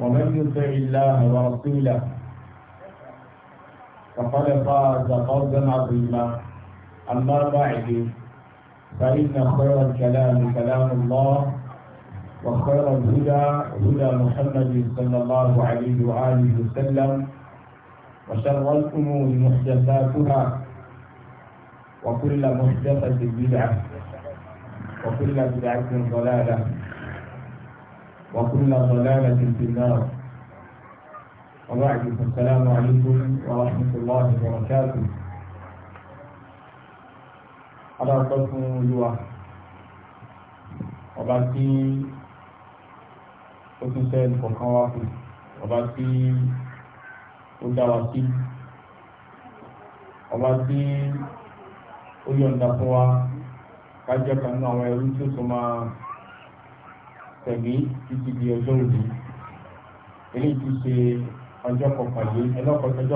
ومن يطع الله ورسوله فقد فاز فوزا عظيما اما بعد فان خير الكلام كلام الله وخير الهدى هدى محمد صلى الله عليه واله وسلم وشر الامور محدثاتها وكل محدثه بدعه وكل بدعه ضلاله وكل ضلالة في النار وبعد فالسلام عليكم ورحمة الله وبركاته على قسم الوحي ọba tí ó tún sẹ́ nǹkan wá fún ọba tí ó dá wa sí ọba tí ó yọ̀ǹda fún wa ká jẹ́ kan nínú àwọn ẹrú tí ó tún máa tẹ̀lé títí di ọjọ́ òní eléyìí ti ṣe ọjọ́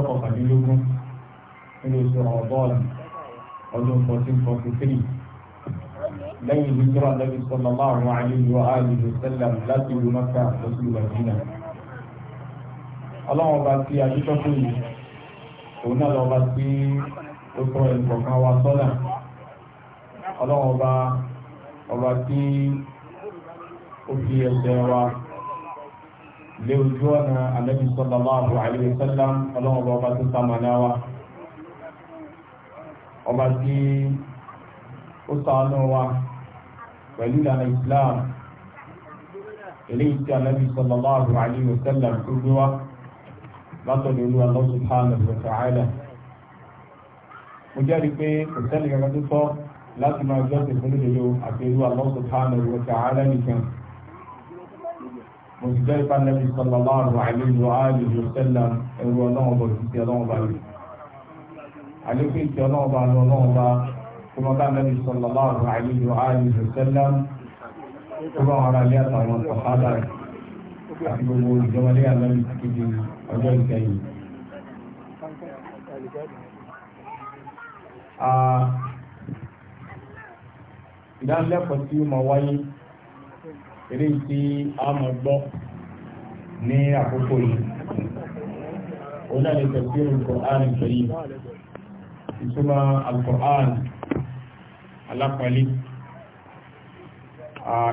kọkànlélógún nínú oṣù ọ̀bọ́ọ̀lù ọdún fourteen forty three lẹ́yìn hijira lẹ́bi sọ̀rọ̀ márùn-ún àyẹ̀wò àyẹ̀wò sẹ́lẹ̀m láti ìlú mẹ́ta lọ́sùn ìwàjìnà. ọlọ́run ọba tí a dúpẹ́ fún yìí òun náà lọ́ba tí ó sọ ẹ̀kọ́ kan wá sọ́nà ọlọ́run ọba ọba tí òfin ẹsẹ̀ wa lé ojú ọ̀nà Ànábì sallallahu alaihi wasallam ọlọ́run ọba tó sàmàlà wa ọba tí ó ṣàánú wa pẹ̀lú ìlànà Islam eléyìí tí Ànábì sallallahu alaihi wasallam tó gbé wa látọ̀dọ̀ olúwa Allah subhanahu wa ta'ala mo jẹ́rìí pé kò sẹ́ni kankan tó tọ́ láti máa gbọ́sẹ̀ fún ìdílé àti olúwa Allah subhanahu wa ta'ala nìkan òṣìṣẹ́ ìpa nẹ́bí sallallahu alaihi wa alihi wa sallam ẹ̀rù ọlọ́run bọ̀ sí ti ọlọ́run bá rẹ̀. àlékún ìtì ọlọ́run bá lọ ọlọ́run bá tó mọ́ bá nẹ́bí sallallahu alaihi wa alihi wa sallam tó bá wọn ara lé àtàwọn ọ̀hádà rẹ̀ àti gbogbo ìjọmọlé àlẹ́bí ti di ọjọ́ ìkẹyìn. Ah, ìdánilẹ́kọ̀ọ́ tí ó máa wáyé eré tí a mọ̀ gbọ́ ní àkókò yìí ó náà lè tẹ̀sí al-Qur'an al-Karim ìtumọ̀ al-Qur'an alápẹ̀lẹ́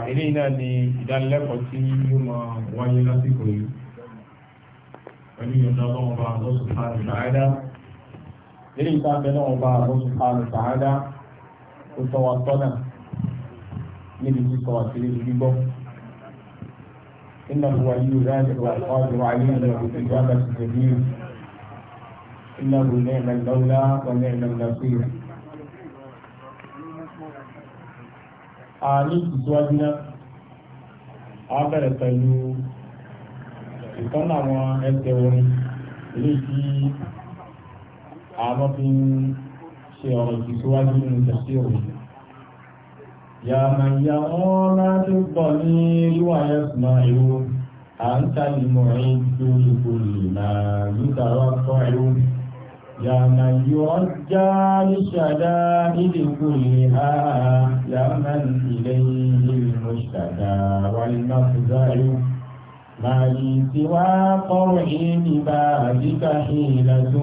eré náà ni ìdánilẹ́kọ̀ọ́ tí yóò máa wáyé lásìkò yìí pẹ̀lú ìyọ̀dọ̀ ọlọ́run bá lọ́sùn fáàlù dáadáa eré ìtàbẹ̀ náà bá lọ́sùn fáàlù dáadáa ó tọ́ wa tọ́nà níbi kíkọ àti níbi إن إنه ولي ذلك والقادر عليه وبالإجابة الجميل إنه نعم المولى ونعم النصير àní ìtìsíwájú náà a bẹ̀rẹ̀ pẹ̀lú ìtọ́nà àwọn ẹgbẹ́ orin ilé tí àwọn fi ń ṣe ọ̀rọ̀ ìtìsíwájú nínú tẹ̀sí òun يا من يرى ما في الضمير ويسمع أنت المعد لكل ما يترفع يا من يرجى للشدائد كلها يا من إليه المشتكى والمفزع ما لي سوى قرعي لبابك حيلة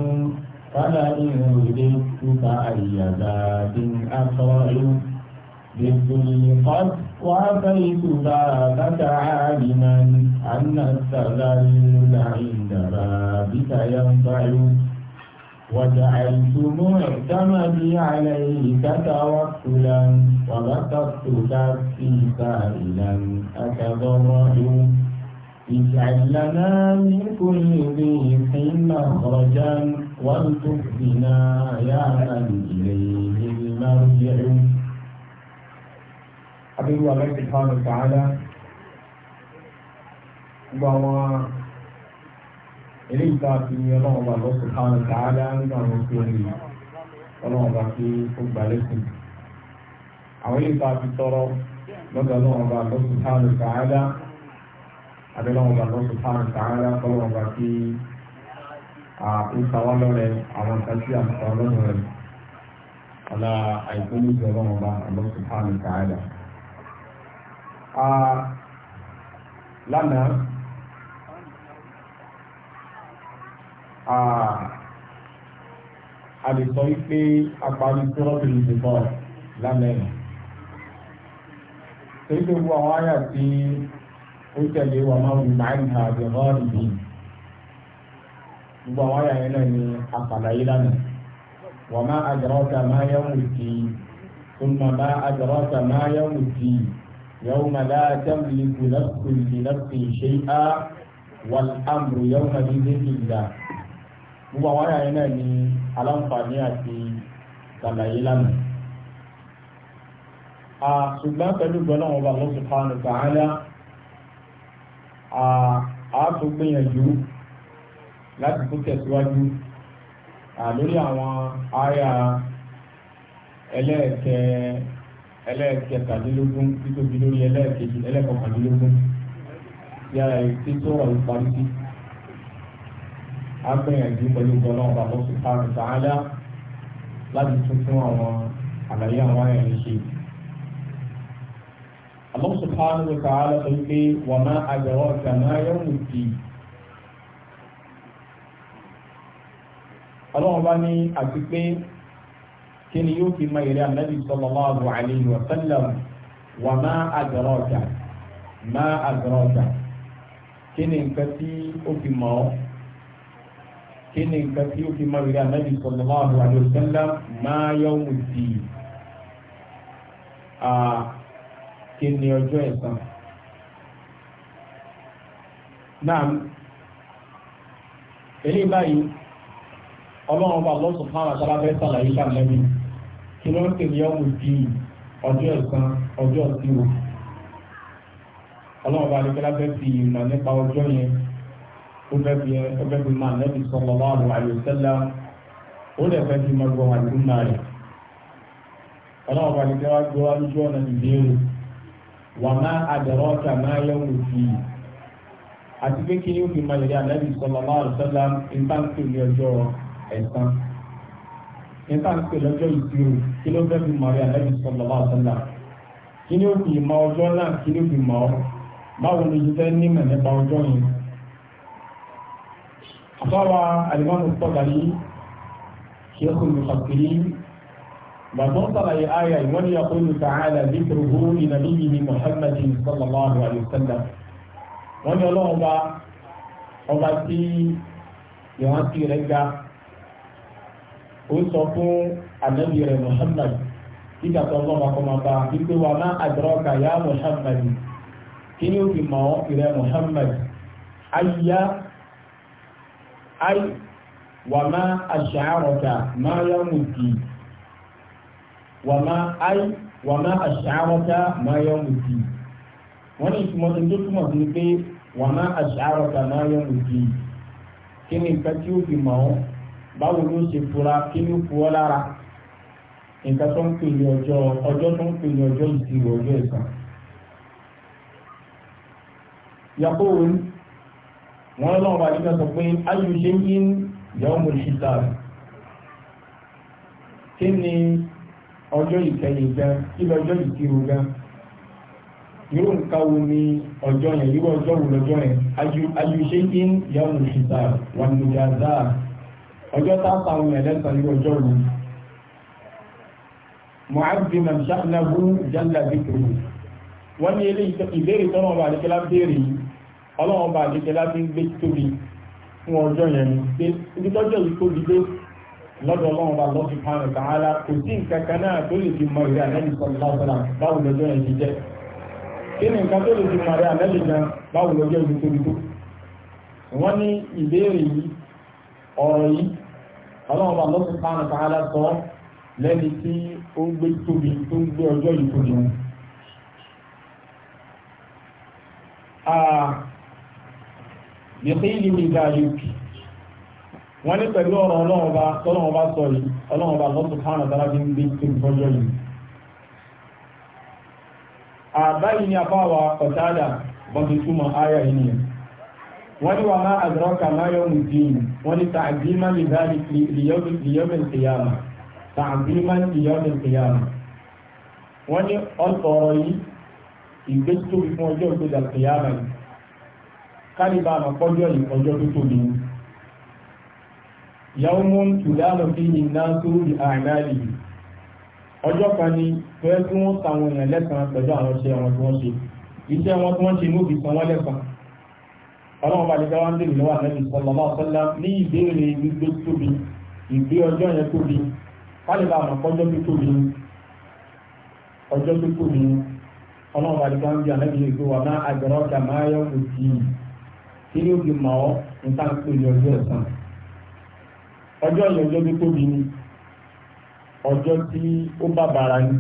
فلئن رددت فأي باب أقرع بكل قد وأتيت بابك عالما أن التذلل عند بابك ينفع وجعلت معتمدي عليك توكلا وبسطت كفي سائلا أتضرع اجعل لنا من كل ريح مخرجا والتف بنا يا من إليه المرجع abẹ́rú aláìsí fáwọn ìtàhálà gbogbo àwọn eléyìí tá a fi ọlọ́run bá lọ́sù fáwọn ìtàhálà nínú àwọn oṣù orí ọlọ́run bá fi ó gbà lẹ́sìn àwọn eléyìí tá a fi tọrọ lọ́dọ̀ ọlọ́run bá lọ́sù fáwọn ìtàhálà abẹ́lọ́run bá lọ́sù fáwọn ìtàhálà ọlọ́run bá fi àkóso lọ́rẹ̀ àwọn nǹkan tí a rẹ̀ ọ̀la àìkú ní ìjọba ọba lọ́sù fáwọn ìtàhálà. lánàá a a parí ìdìbò lánàá yìí. Èyí tó àwọn àyà tí ó tẹ̀lé wà máa wù máa ń ha àbẹ̀rọ̀ ìbí. Gbogbo àwọn àyà yẹn náà ni àpàlàyé lánàá. Wà máa àjọrọ̀ ọ̀tà máa wù يوم لا تملك نفس لنفس شيئا والأمر يومئذ لله gbogbo àwọn ayé náà ní aláǹfààní àti sàlàyé lánàá. a ṣùgbọ́n pẹ̀lú gbọ́n náà wọ́n bá lọ́sùn fáánù tààlà a tó gbìyànjú láti tó tẹ̀síwájú lórí àwọn ayé ẹlẹ́ẹ̀kẹ́ ẹlẹ́ẹ̀kẹtàdínlógún títóbi lórí ẹlẹ́ẹ̀kejì ẹlẹ́ẹ̀kọkàndínlógún tí a yẹ tí tó wà lóparí sí. a gbìyànjú pẹ̀lú gbọ́dọ̀ bàbá sùpàrọ̀ sàádà láti tún fún àwọn àlàyé àwọn ẹ̀rín ṣe. Allah subhanahu wa ta'ala sọ pé wa ma adraka ma yawmuddin. ọlọ́run bá ní àti pé كن يوكي ما يرى النبي صلى الله عليه وسلم وما أدراك ما أدراك كن كتي أوكي ما كن كتي أوكي ما يرى النبي صلى الله عليه وسلم ما يوم الدين آه كن يوجوزا نعم إلي إيه ọlọ́run bá lọ́sùn fún àṣàlá fẹ́ sàlàyé sàlẹ́mì kí ló ń pè ní ọmọ ìdí ọjọ́ ẹ̀san ọjọ́ ìṣirò ọlọ́run bá nígbà fẹ́ fi ìmọ̀ nípa ọjọ́ yẹn ó fẹ́ fi ó fẹ́ fi máa nẹ́bí sọ̀rọ̀ láàrú àyọ̀sẹ́lá ó lè fẹ́ fi máa gbọ́ àdúgbò rẹ̀ ọlọ́run bá nígbà wá gbọ́ alójú ọ̀nà ìbéèrè wà má àdàrọ́ ọ̀tà máa àti pé kí ni ó fi máa yẹ ẹ̀sán nípa ń pè lọ́jọ́ ìṣirò kí ló fẹ́ fi mọ̀ rí àlẹ́bí sọ̀rọ̀ bá ọ̀sọ́là kí ni ó fi mọ̀ ọjọ́ náà kí ni ó fi mọ̀ ọ́ báwo ni ojú fẹ́ nímọ̀ nípa ọjọ́ yẹn. àbáwa àlìmọ́nù pọ̀gà yìí kí ó kùn mùsàkìrì bàbá sàlàyé àyà ìwọ́n ni yàtọ̀ ní sàáàlà bíkìrì húrú ìnàbí yìí ni Muhammad sallallahu alayhi wa wọ́n ni ọlọ́run bá ọba tí ìrántí rẹ̀ ga ó sọ fún ànábì rẹ̀ Muhammad nígbà tó ọlọ́run akọ́mọba wípé wa má adraka ya Muhammad kí ni ó fi mọ̀ ọ́ ìrẹ́ Muhammad ayá ay wa má ash'araka má yamuddi wa má ay wa má ash'araka má yamuddi wọ́n ní ìtumọ̀ tó túmọ̀ sí pé wa má ash'araka má yamuddi kí ni nǹkan tí ó fi mọ̀ ọ́ báwo ni ó ṣe fura kí ni ó fu ọ́ lára nǹkan tó ń pè ní ọjọ́ ọjọ́ tó ń pè ní ọjọ́ ìṣirò ọjọ́ ẹ̀san. yàtọ̀ òun wọn lọ́wọ́ bá nígbà sọ pé ayò ṣe ń yín ìyàwó mo rẹ̀ kí ni ọjọ́ ìkẹyìn gan kí ni ọjọ́ ìṣirò gan irú nǹkan wo ni ọjọ́ yẹn irú ọjọ́ wo lọ́jọ́ yẹn ayò ṣe ń yín ìyàwó mo rẹ̀ wà ní ìjà ọjọ́ táàpá àwọn ẹ̀lẹ́sàn ní ọjọ́ ìlú mọ̀ábí mẹ́ṣáàlẹ́bù jẹ́lẹ̀ bíkìrì wọ́n ní ilé ìbéèrè tọ́nà ọba àdékẹ́lá béèrè ọlọ́run ọba àdékẹ́lá bí ń gbé tóbi fún ọjọ́ yẹn ni pé ibi tọ́jọ́ yìí tóbi dé lọ́dọ̀ ọlọ́run ọba lọ́sí pàmì tààlà kò sí nǹkan kan náà tó lè fi mọ ìrẹ́ àlẹ́lì sọ̀rọ̀lá báwo lọ́jọ́ yẹn ti jẹ́ kí ọlọ́run bá lọ́sùn fáwọn fàálà sọ lẹ́ni tí ó ń gbé tóbi tó ń gbé ọjọ́ yìí tóbi wọn. yẹ̀kílì mi ga yòókì wọ́n ní pẹ̀lú ọ̀rọ̀ ọlọ́run bá tọ́lọ́run bá sọ yìí ọlọ́run bá lọ́sùn fáwọn fàálà bí ń gbé tóbi ọjọ́ yìí. àbáyìí ni àbáwa ọ̀tá àdà bọ́sẹ̀ túmọ̀ áyà yìí nìyẹn wọ́n ní wàá máa àdúrọ́kà máa yọ mú dín wọ́n ní tààbímá lè dá lìyọ́mìn kìyàmà tààbímá lìyọ́mìn kìyàmà wọ́n ní ọ̀tọ̀ọ̀rọ̀ yìí ìgbé tóbi fún ọjọ́ ìgbéjà kìyàmà yìí kálíbà àmọ́kọ́jọ́ yìí ọjọ́ tó tóbi ní. yàwó tùdáàmù fi iná sórí àgbáyé ọjọ́ kan ni fẹ́ẹ́ tí wọ́n èèyàn lẹ́sàn-án pẹ̀lú àwọn iṣẹ́ ọlọ́run bá lè gbá wá ń dèrò lọ́wọ́ àlẹ́bí sọlọ́lá ọ̀sọ́lá ní ìbéèrè gbígbé tóbi ìgbé ọjọ́ yẹn tóbi kálíbà àmọ́ kọjọ́ tó tóbi ọjọ́ tó tóbi ọlọ́run bá lè gbá ń bí àlẹ́bí yẹn pé wà má àgbẹ̀rọ̀ ọjà máa yọ òtì kí ni ó fi mọ̀ ọ́ níta ń pè ọjọ́ ẹ̀sán ọjọ́ yẹn ọjọ́ tó tóbi ni ọjọ́ tí ó bá bàrà ni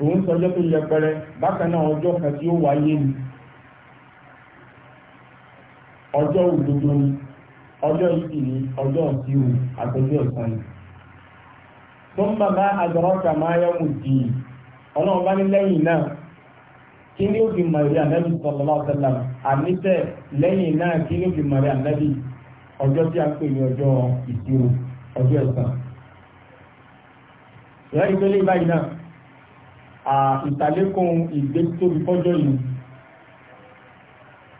òun sọjọ́ tó yẹpẹrẹ bákan náà ọjọ́ kan tí ó wáyé ni. ọjọ́ òdodo ni ọjọ́ ìsì ni ọjọ́ ìsìwò àtọ́jọ́ ìsàn ni. tó ń bàbá àjọrọ́kà máa yẹ di ọlọ́run bá ní lẹ́yìn náà kí ni ó fi mọ̀rí ànábì sọ̀rọ̀ alaihi wasallam lẹ́yìn náà kí ni ó fi mọ̀rí ànábì ọjọ́ tí a pè ní ọjọ́ ìsìwò ọjọ́ ìsàn. ìyá ìgbélé báyìí náà ìgbésí tóbi fọ́jọ́ yìí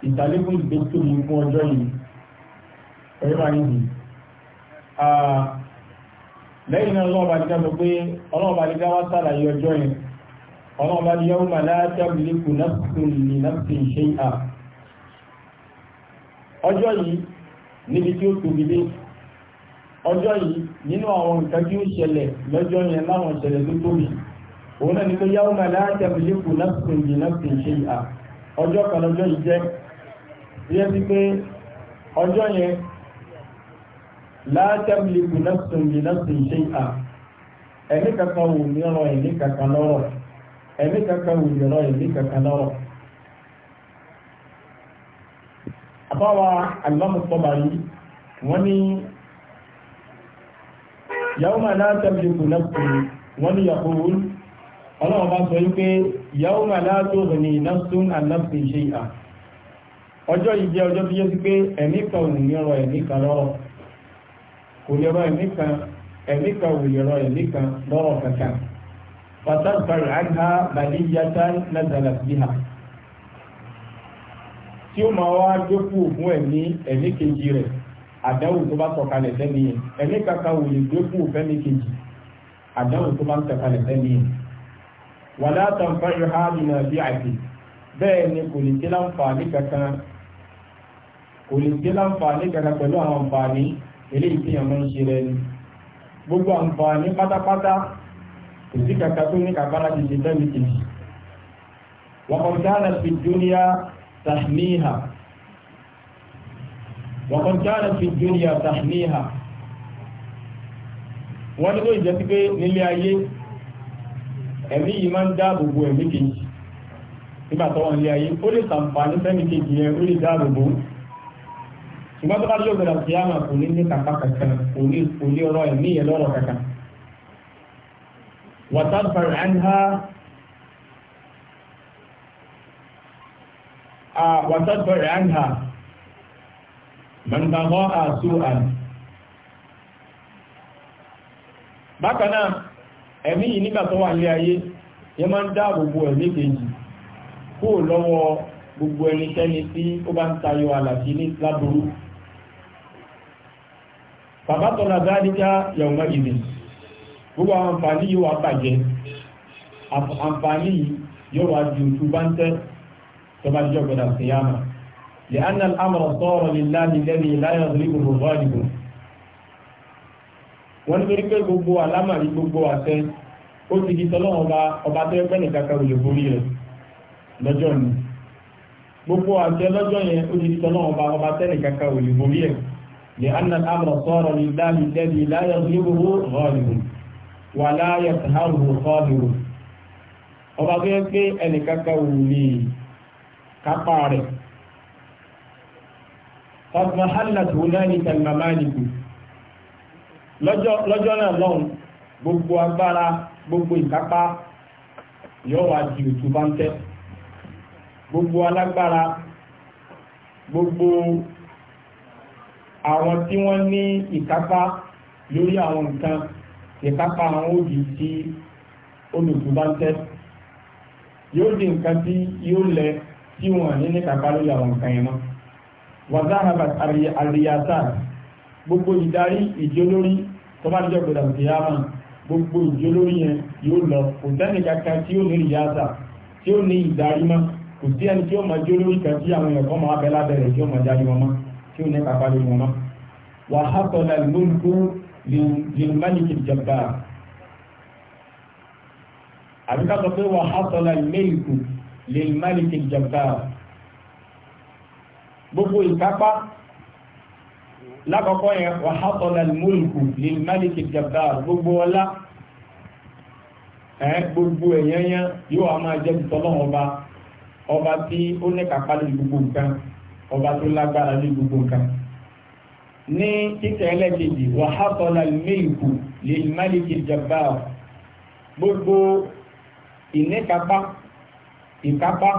ìgbàlégún ìgbésí mi fún ọjọ́ yìí ẹ̀rọ ayébi lẹ́yìn náà ọlọ́ọ̀bá ní káàkiri pé ọlọ́ọ̀bá ní káwá sàlàyé ọjọ́ yẹn ọlọ́ọ̀bá ní yawma la tamliku nafsun li nafsin shay'a ọjọ́ yìí níbi tí ó tóbi dé ọjọ́ yìí nínú àwọn nǹkan tí ó ṣẹlẹ̀ lọ́jọ́ yẹn láwọn ṣẹlẹ̀ tó tóbi òun náà ní pé yawma la tamliku nafsun li nafsin shay'a ọjọ́ kan lọ́jọ́ yìí jẹ́ yẹ́ sí pé ọjọ́ yẹn látẹ́mìlì kùnẹ́sùn ìlẹ́sùn ṣe à ẹ̀mí kankan wù ní ọ̀rọ̀ ẹ̀mí kankan lọ́rọ̀ ẹ̀mí kankan wù ní ọ̀rọ̀ ẹ̀mí kankan lọ́rọ̀ àbáwa alámùsọ̀bà yìí wọ́n ní yàwùmá látẹ́mìlì kùnẹ́sùn wọ́n ní yàkùrù ọlọ́wọ́ bá sọ yìí pé yàwùmá látẹ́mìlì kùnẹ́sùn àlẹ́sùn ṣe à ọjọ́ yìí jẹ́ ọjọ́ tó yẹ sí pé ẹ̀mí kan ò ní ọ̀rọ̀ ẹ̀mí kan lọ́rọ̀ kò lè rọ ẹ̀mí kan ẹ̀mí kan ò lè rọ ẹ̀mí kan lọ́rọ̀ kankan fatazbar anha baliyata nazala biha tí ó máa wá jókòó fún ẹ̀mí ẹ̀mí kejì rẹ̀ àdáwò tó bá sọ̀kalẹ̀ sẹ́ni yẹn ẹ̀mí kankan ò lè jókòó fẹ́mi kejì àdáwò tó bá sọ̀kalẹ̀ sẹ́ni yẹn wàlá tàǹfà ìhà bìnà bẹ́ẹ̀ ni kò ní kí láǹfà kankan kò lè jẹ́ láǹfààní kankan pẹ̀lú àwọn àǹfààní eléyìí tí ọmọ ń ṣe rẹ̀ ni gbogbo àǹfààní pátápátá kò sí kankan tó ní kàkà láti ṣe tẹ́lẹ̀ kejì wọ́n kàn fi dúníà tàhníhà wọ́n kàn fi dúníà tàhníhà wọ́n ní tó ìjẹ́ sí pé nílé ayé ẹ̀mí yìí máa ń dáàbò bo ẹ̀mí kejì nígbà tó ayé ó lè ṣàǹfààní fẹ́mi kejì yẹn ó lè dáàbò bo ṣùgbọ́n tó bá dúró gbọdọ̀ sí àmà kò ní ní kápá kankan kò ní kò ní ọ̀rọ̀ ẹ̀mí yẹn lọ́rọ̀ kankan. وتظهر عنها وتظهر عنها من بغاء سوءا bákan náà ẹ̀mí yìí nígbà tó wà ní ayé yẹ máa ń dáàbò bo ẹ̀mí kejì kó lọ́wọ́ gbogbo ẹnikẹ́ni tí ó bá ń tayọ àlàfí ní lábúrú bàbá tọ́lá dáadíjá yàwùmá ìdí gbogbo àwọn àǹfààní yóò wá bàjẹ́ àǹfààní yóò wá ju tú bá ń tẹ́ tó bá jọ gbọdọ̀ sí yàmà lè anna al'amara sọ́ọ̀rọ̀ lè láti lẹ́bi láyọ̀ sí gbogbo bọ́ọ̀lù wọ́n ní pé gbogbo alámàrí gbogbo àtẹ ó ti di tọ́lọ́wọ́n ọba ọba tó ẹgbẹ́ nìkan òye borí rẹ̀ lọ́jọ́ ni gbogbo àtẹ lọ́jọ́ yẹn ó ti di tọ́lọ́wọ́n ọba ọba tẹ́nìkan kan òye borí rẹ̀ لأن الأمر صار لله الذي لا يغلبه غالب ولا يقهره قادر ọba tó yẹ pé ẹnìkankan ò lè kápá rẹ̀ ọgbọ̀n hálàtì onáni tẹ̀gbàmáàlìkù lọ́jọ́ náà lọ́hùn gbogbo agbára gbogbo ìkápá yóò wá di òtú bá ń tẹ́ gbogbo alágbára gbogbo àwọn tí wọ́n ní ìkápá lórí àwọn nǹkan ìkápá àwọn òbí tí olùkú bá ń tẹ́ yóò di nǹkan tí yóò lẹ tí wọ́n ní ní kápá lórí àwọn nǹkan yẹn mọ́ wàzáhàbà àríyàtà gbogbo ìdarí ìjólórí tó bá jẹ́ gbọdọ̀ ìyáàmà gbogbo ìjólórí yẹn yóò lọ kò sẹ́ni kankan tí ó ní ìyáàtà tí ó ní ìdarí mọ́ kò sí ẹni tí ó máa jólórí kan tí àwọn ẹ̀kọ́ máa bẹ lábẹ́rẹ̀ tí ó máa jáde wọn mọ́ tí ó ní bàbá lórí wọn náà wà á sọ̀lá lóńgbò lèmánìkì jọba àbí ká sọ pé wà á sọ̀lá lẹ́yìnkù lèmánìkì jọba gbogbo ìkápá lákọ̀ọ́kọ́ yẹn wà á lóńgbò lèmánìkì jọba gbogbo ọlá gbogbo ẹ̀yẹ́yẹ́ yóò a máa jẹ́ ti ọba ọba tí ó ní kápá gbogbo nǹkan ọba tó lágbára ní gbogbo nǹkan ní títẹ̀ ẹlẹ́kejì wàhásọ́lá mílìkù lè máàlìkì jàmbá gbogbo ìníkápá ìkápá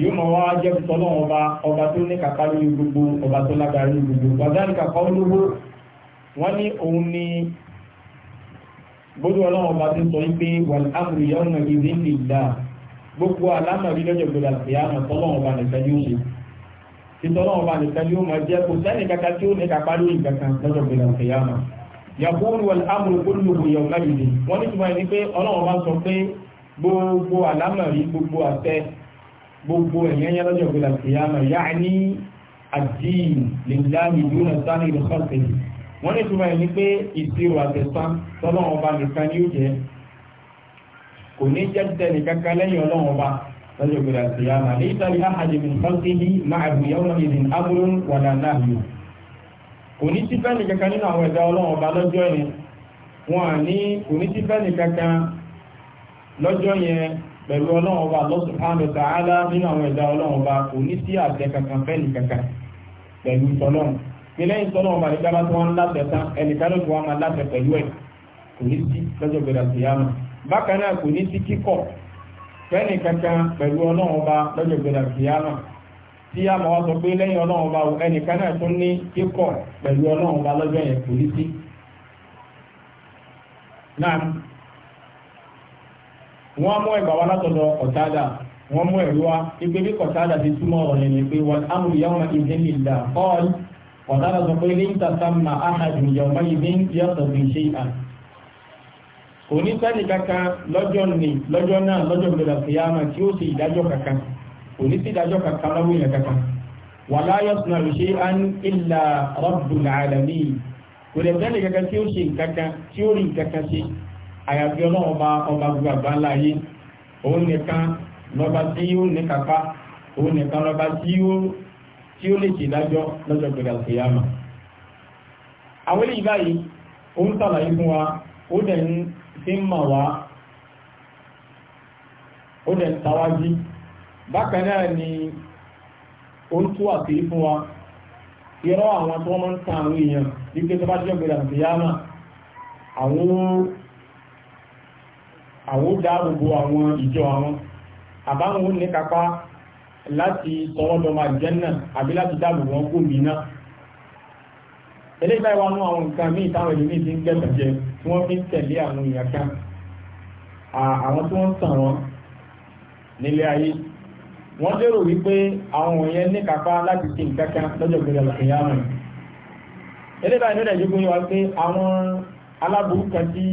yóò mọ̀ wá jẹ́ sọ́lọ́ ọba ọba tó níkápá lórí gbogbo ọba tó lágbára ní gbogbo wàdánìkà kọ́ lówó wọ́n ní òun ni gbogbo ọlọ́run ọba tó sọ pé wàlámù yọ̀ọ̀nà ìdí nìlá gbogbo alámọ̀rí lọ́jọ́ gbogbo àti àmọ̀ sọ́lọ́ ọba nìkan yóò ṣe ìtọ́lọ́wọ́ bá nìkan yóò máa jẹ́ kò sẹ́ni kankan tí ó ní kápá lórí kankan lọ́jọ́ gbẹ̀dọ̀ kìyàmà yàgbọ́n wọ̀l amúlò gbólóhùn yọ̀ náà yìí wọ́n ní tuma ẹni pé ọlọ́wọ́ bá sọ pé gbogbo àlámọ̀rí gbogbo àtẹ gbogbo ẹ̀yẹ́ yẹn lọ́jọ́ gbẹ̀dọ̀ kìyàmà yáàní àdín lèláàmì dúnà sáré lọ́sọ̀tẹ̀ wọ́n ní tuma ẹni pé ìṣirò àtẹ̀sán tọ́lọ́wọ́ bá nìkan ní jẹ́ lọ́jọ́ gbèrè àtìyámà ní ìtàlí àhàjìmì fọ́síhì máa bù yọ́nà ìdìn amúrún wàlà náà yìí kò ní sí fẹ́ni kankan nínú àwọn ẹ̀dá ọlọ́run ọba lọ́jọ́ yẹn wọn à ní kò ní sí fẹ́ni kankan lọ́jọ́ yẹn pẹ̀lú ọlọ́run ọba Allah subhanahu wa ta'ala nínú àwọn ẹ̀dá ọlọ́run ọba kò ní sí àtẹ kankan fẹ́ni kankan pẹ̀lú ìtọ́lọ́run pé lẹ́yìn tọ́lọ́run ọba nígbà tó wọn láṣẹ tán ẹnìkan ló ti wọn máa láṣẹ pẹ̀lú ẹ̀ kò ní lọ́jọ́ gbèrè bákan náà kò ní kíkọ̀ fẹ́ni kankan pẹ̀lú ọlọ́run ọba lọ́jọ́ gbẹ̀dà kìíyàmà tí a máa sọ pé lẹ́yìn ọlọ́run ọba ẹnìkan náà tún ní kíkọ̀ pẹ̀lú ọlọ́run ọba lọ́jọ́ yẹn kò ní sí. náà wọ́n mú ẹgbàá wa látọ̀dọ̀ ọ̀tádà wọ́n mú ẹ̀rí wa ipe bí ọ̀tádà ti túmọ̀ ọ̀rọ̀ yẹn ni pé wọ́n amúlù yàwọn ìdí nílà ọ̀ọ́lù ọ̀tádà sọ pé lẹ́yìn tàtàmà áhàjù yàwọn kò ní sẹ́ni kankan lọ́jọ́ ní lọ́jọ́ náà lọ́jọ́ gbẹ̀dà sí yáma tí ó sì ìdájọ́ kankan kò ní sí ìdájọ́ kankan lọ́wọ́ ìyẹn kankan wà láyọ̀ sùnà ló ṣe án ìlà rabbul alamin kò lè sẹ́ni kankan tí ó ṣe nǹkankan tí ó rí nǹkankan ṣe àyàfi ọlọ́run ọba ọba gbogbo àgbà ńlá yé òun nìkan lọ́ba tí ó ní kápá òun nìkan lọ́ba tí ó lè ṣe ìdájọ́ lọ́jọ́ gbẹ̀dà sí yáma tí ń mọ̀ wá ó dẹ̀ ń bákan náà ni ó ń tú àṣírí fún wa irọ́ àwọn tí wọ́n máa ń ta àwọn èèyàn wípé tó bá jẹ́ gbèrè àti yáàmà àwọn ó dáàbòbò àwọn ìjọ àwọn àbáwọn ó ní kápá láti sọ́wọ́dọ̀mà jẹ́ náà àbí láti dáàbòbò wọn kò mí náà eléyìí báyìí wà nú àwọn nǹkan míì táwọn ẹlòmíì ti ń gbẹ̀sẹ̀ jẹ tí wọ́n fi ń tẹ̀lé àwọn èèyàn kan àwọn tí wọ́n ń tàn wọ́n nílé ayé wọ́n lérò wípé àwọn wọ̀nyẹn ní kápá láti ṣe nǹkan kan lọ́jọ́ ìgbéra lọ́sẹ̀ yá mọ̀ eléyìí báyìí lọ́dẹ̀ yìí gbóyè wá pé àwọn aláburú kan tí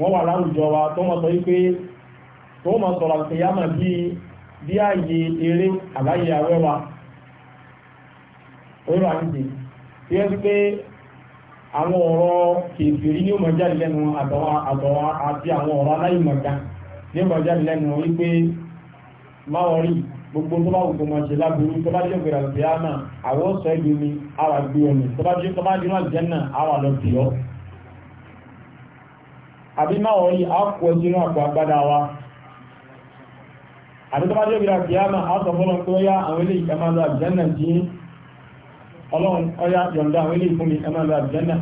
wọ́n wà láwùjọ wa tó wọ́n sọ wípé tó wọ́n sọ̀rọ̀ lọ́sẹ̀ yá mọ̀ bíi bí ààyè eré àbáyé awẹ́wà orí wa ń dè tí ẹ́ pé àwọn ọ̀rọ̀ kèfèrí ní ọmọ jáde lẹ́nu àtọ̀wọ́ àti àwọn ọ̀rọ̀ aláìmọ̀gá ní ọmọ jáde lẹ́nu wípé máwọ̀ rí gbogbo tó bá gbogbo máa ṣe láburú tó bá jẹ́ òkèrè àti àmà àwọn ọ̀sọ̀ ẹ̀dùn ni àwà wa àti tó bá jẹ́ òkèrè àti àmà àwọn ọ̀sọ̀ fọ́lọ́ ọlọ́run ọya yọ̀ǹda àwọn ilé ìfúnmi ẹ máa lọ àbìjẹ́nà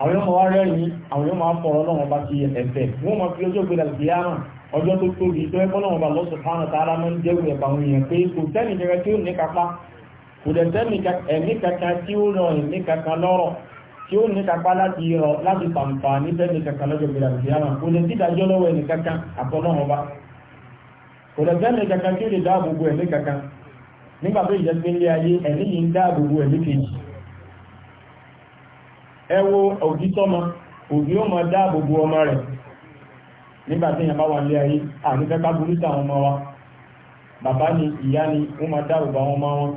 àwọn yóò máa wá rẹ́rìn àwọn yóò máa fọ̀rọ̀ ọlọ́run ọba ti ẹ̀fẹ̀ wọ́n máa fi ọjọ́ gbéra sí yáàmà ọjọ́ tó tóbi tó ẹgbọ́n ọba lọ́sọ̀ fáwọn tààrà máa ń jẹ́rù ẹ̀bà àwọn èèyàn pé kò sẹ́ni kankan tí ó ní kápá kò dẹ̀ sẹ́ni ẹ̀mí kankan tí ó rọ lè dáàbò bo ẹ̀mí kankan nígbà tó ìjẹ́ sílé ayé ẹ̀mí yìí ń dáàbòbò ẹ̀mí kejì ẹ wo òbí tọ́mọ òbí ó mọ dáàbòbò ọmọ rẹ̀ nígbà tí wà nílé ayé ànífẹ́ ká ọmọ wa bàbá ni ìyá ni ó máa dáàbòbò àwọn ọmọ wọn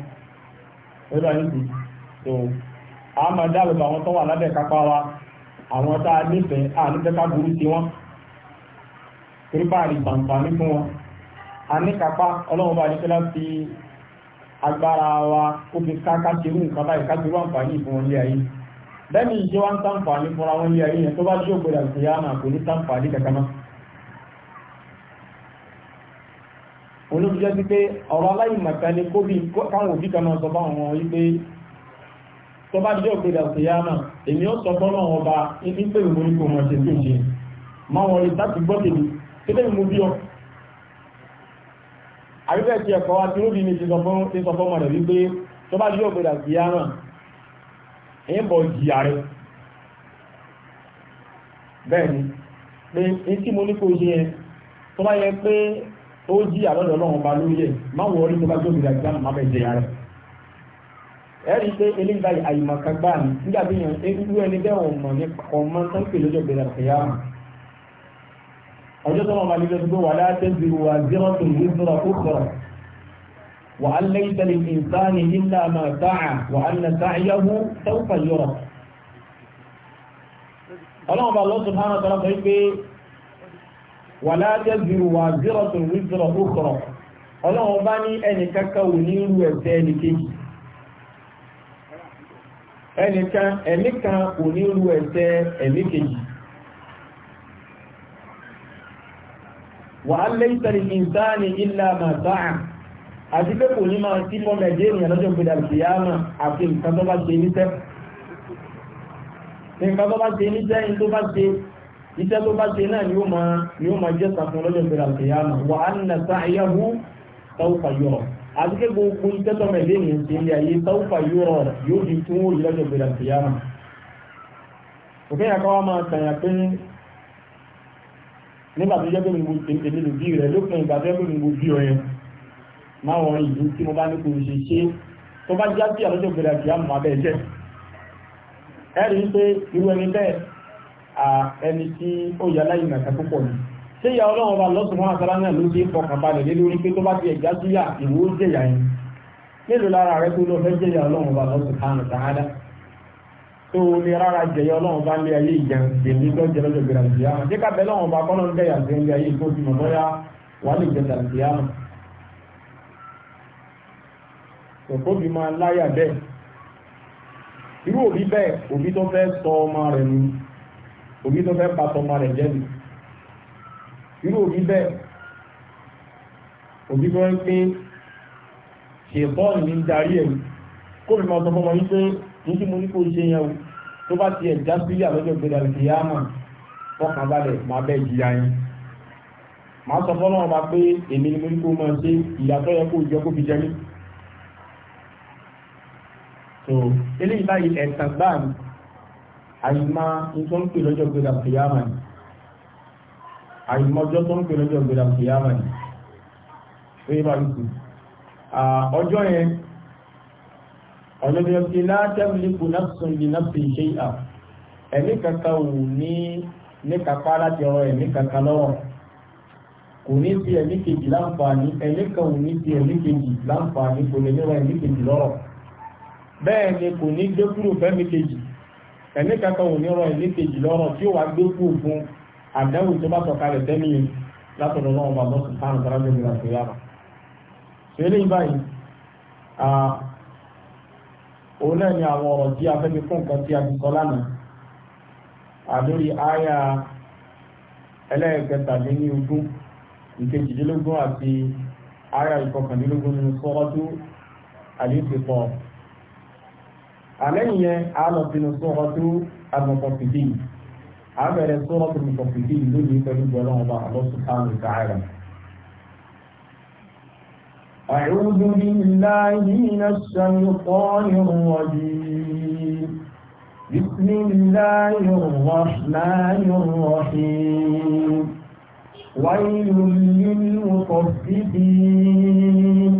a máa dáàbòbò àwọn tó wà lábẹ́ wa àwọn tá a nífẹ̀ẹ́ ànífẹ́ ká burú sí wọn torí bá ní kápá ọlọ́run bá ní kí lá fi agbara wa kó fi káká ṣerú nǹkan báyìí ká ti wá àǹfààní fún wọn ayé lẹ́nu ìṣe wa ń sàǹfààní fúnra wọn lé ayé yẹn tó bá ṣe ògbèrè àti yáàmà kò ní sàǹfààní kankan náà. olóòjọ́ sí pé ọ̀rọ̀ ni káwọn òbí kan sọ bá wọn tó bá náà èmi ó ọba ní pé kò mọ̀ ṣe tó ṣe máa wọlé láti gbọ́ tèmi àríwẹ̀ tí ẹ̀kọ́ adúróbì ní ti sọ fọ́mọ̀ rẹ̀ wípé tó bá yóò gbẹ̀dà sí ara ń bọ̀ jìyà rẹ̀ bẹ́ẹ̀ ni pé ní tí mo ní kó yẹ tó bá yẹ pé ó jí àlọ́dọ̀ ọlọ́run ba lórí ẹ̀ má wọ orí tó bá yóò gbẹ̀dà sí ara má bẹ̀ jìyà rẹ̀ ẹ̀rí pé eléyìí báyìí àyùmọ̀ká gbáà ní nígbà bí yẹn ewu ẹni bẹ́ẹ̀ ọmọ nípa ọmọ tó ń pè sí ara ọjọ́ tó wọn bá lè lọ́sọ̀gbọ́ wà láti zero wa zero to zero kó sọ̀rọ̀ wà á lẹ́yìn tẹ̀lé ìsáni ilá máa sáà wà á nà sáàyáwó sẹ́wọ̀fà yọrọ̀ ọlọ́run bá lọ́sọ̀ hánà tọ́lá pé wà láti zero wa zero to zero kó sọ̀rọ̀ ọlọ́run bá ní ẹnì kankan wò ní irú ẹ̀sẹ̀ ẹnì kejì ẹnìkan ẹ̀mí kan kò ní irú ẹ̀sẹ̀ ẹ̀mí kejì wà á lé ìtẹ̀lẹ̀ ìsáàni ilá màtáà àti pé kò ní máa sí fọ́n ẹ̀jẹ̀ ènìyàn lọ́jọ́ ìpínlẹ̀ àlùfíàmà àti nǹkan tó bá ṣe níṣẹ́ nǹkan tó bá ṣe níṣẹ́ ní tó bá ṣe iṣẹ́ tó bá nígbà tó jẹ́ pé mo tèmi lò bí rẹ̀ lópin ìgbà tó jẹ́ pé mo bí ọ yẹn máa wọ̀n ìlú tí mo bá ní kò ṣe ṣe tó bá já sí àlọ́jọ́ gbèrè àti àmọ́ abẹ́ ẹ̀jẹ̀ ẹ rí i pé irú ẹni bẹ́ẹ̀ ẹni tí ó yà láyé nàkà púpọ̀ ni ṣé ìyá ọlọ́run bá lọ́sùn wọn àtàrà náà ló dé fọkàn balẹ̀ lé lórí pé tó bá ti ẹ̀já síyà ìwó jẹ̀yà yẹn mélòó lára rẹ tó lọ fẹ́ jẹ̀yà ọlọ́run bá lọ́sùn tó lè rárá jẹyọ ọlọ́run bá ń lé ayé ìjẹun èmi lọ jẹ lọ́jọ́ gbéra ìjìyà náà jẹ́ kábẹ́ lọ́run bá kọ́nà ń bẹ̀ yà jẹun lé ayé ìkó ti mọ̀ bóyá wà lè jẹ ìjìyà náà. kòkó bí máa láyà bẹ́ẹ̀ irú òbí bẹ́ẹ̀ òbí tó fẹ́ sọ ọmọ rẹ̀ ni òbí tó fẹ́ pàtó ọmọ rẹ̀ jẹ́ ni irú òbí bẹ́ẹ̀ òbí tó ń pín ṣètọ́ ní darí ẹ̀ kó mi máa sọ fọmọ yín pé ní tí mo ní kó ṣe yẹn o tó bá ti ẹ̀ já sílẹ̀ àlọ́jọ́ gbẹdà lè yá mà fọkàn balẹ̀ máa bẹ́ẹ̀ jìyà yín máa sọ fọ́nà ọba pé èmi ni mo ní kó máa ṣe ìyàtọ̀ yẹ kó jẹ kó fi jẹ mí. so eléyìí báyìí ẹ̀sán gbáà ni àyìnmá nǹkan ń pè lọ́jọ́ gbẹdà lè yá mà ni àìmọ́jọ́ tó ń pè lọ́jọ́ ìgbèrà kìyàmà ní pé bá ń ọjọ́ yẹn ọ̀nàbíyàn ti látẹ́rìlì kù náfsùn lè náfsì ṣe à ẹ̀mí kankan wù ní níkapá láti ọ̀rọ̀ ẹ̀mí kankan lọ́rọ̀ kò ní ti ẹ̀mí kejì láǹfààní ẹ̀mí kan wù ní ti ẹ̀mí kejì láǹfààní kò lè níwọ̀ ẹ̀mí kejì lọ́rọ̀ bẹ́ẹ̀ ni kò ní gbé kúrò fẹ́mi kejì ẹ̀mí kankan wù ní ọ̀rọ̀ ẹ̀mí kejì lọ́rọ̀ tí ó wà gbé kúrò fún àdáwò tó bá sọ̀kalẹ̀ tẹ́mi látọ̀dọ̀ náà wà lọ́sùn fáwọn òun náà ni àwọn ọ̀rọ̀ tí a fẹ́ fi fún nǹkan tí a ti sọ lánàá àlórí àyà ẹlẹ́ẹ̀kẹtàléní ogún ìkejìdínlógún àti àyà ìkọkàndínlógún nínú sọ́rọ́tú àlébìpọ̀ àlẹ́yìn yẹn a lọ sínú sọ́rọ́tú àmọ̀kọ̀fìdì a أعوذ بالله من الشيطان الرجيم بسم الله الرحمن الرحيم ويل للمطففين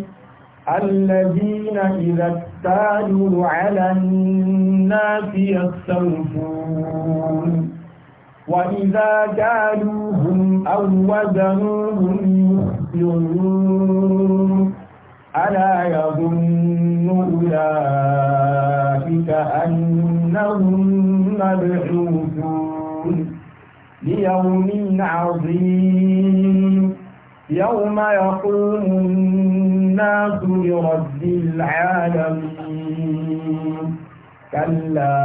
الذين إذا اكتالوا على الناس يستوفون وإذا جَالُوهُمْ أو وزنوهم يخسرون ألا يظن أولئك أنهم مبعوثون ليوم عظيم يوم يقوم الناس لرب العالمين كلا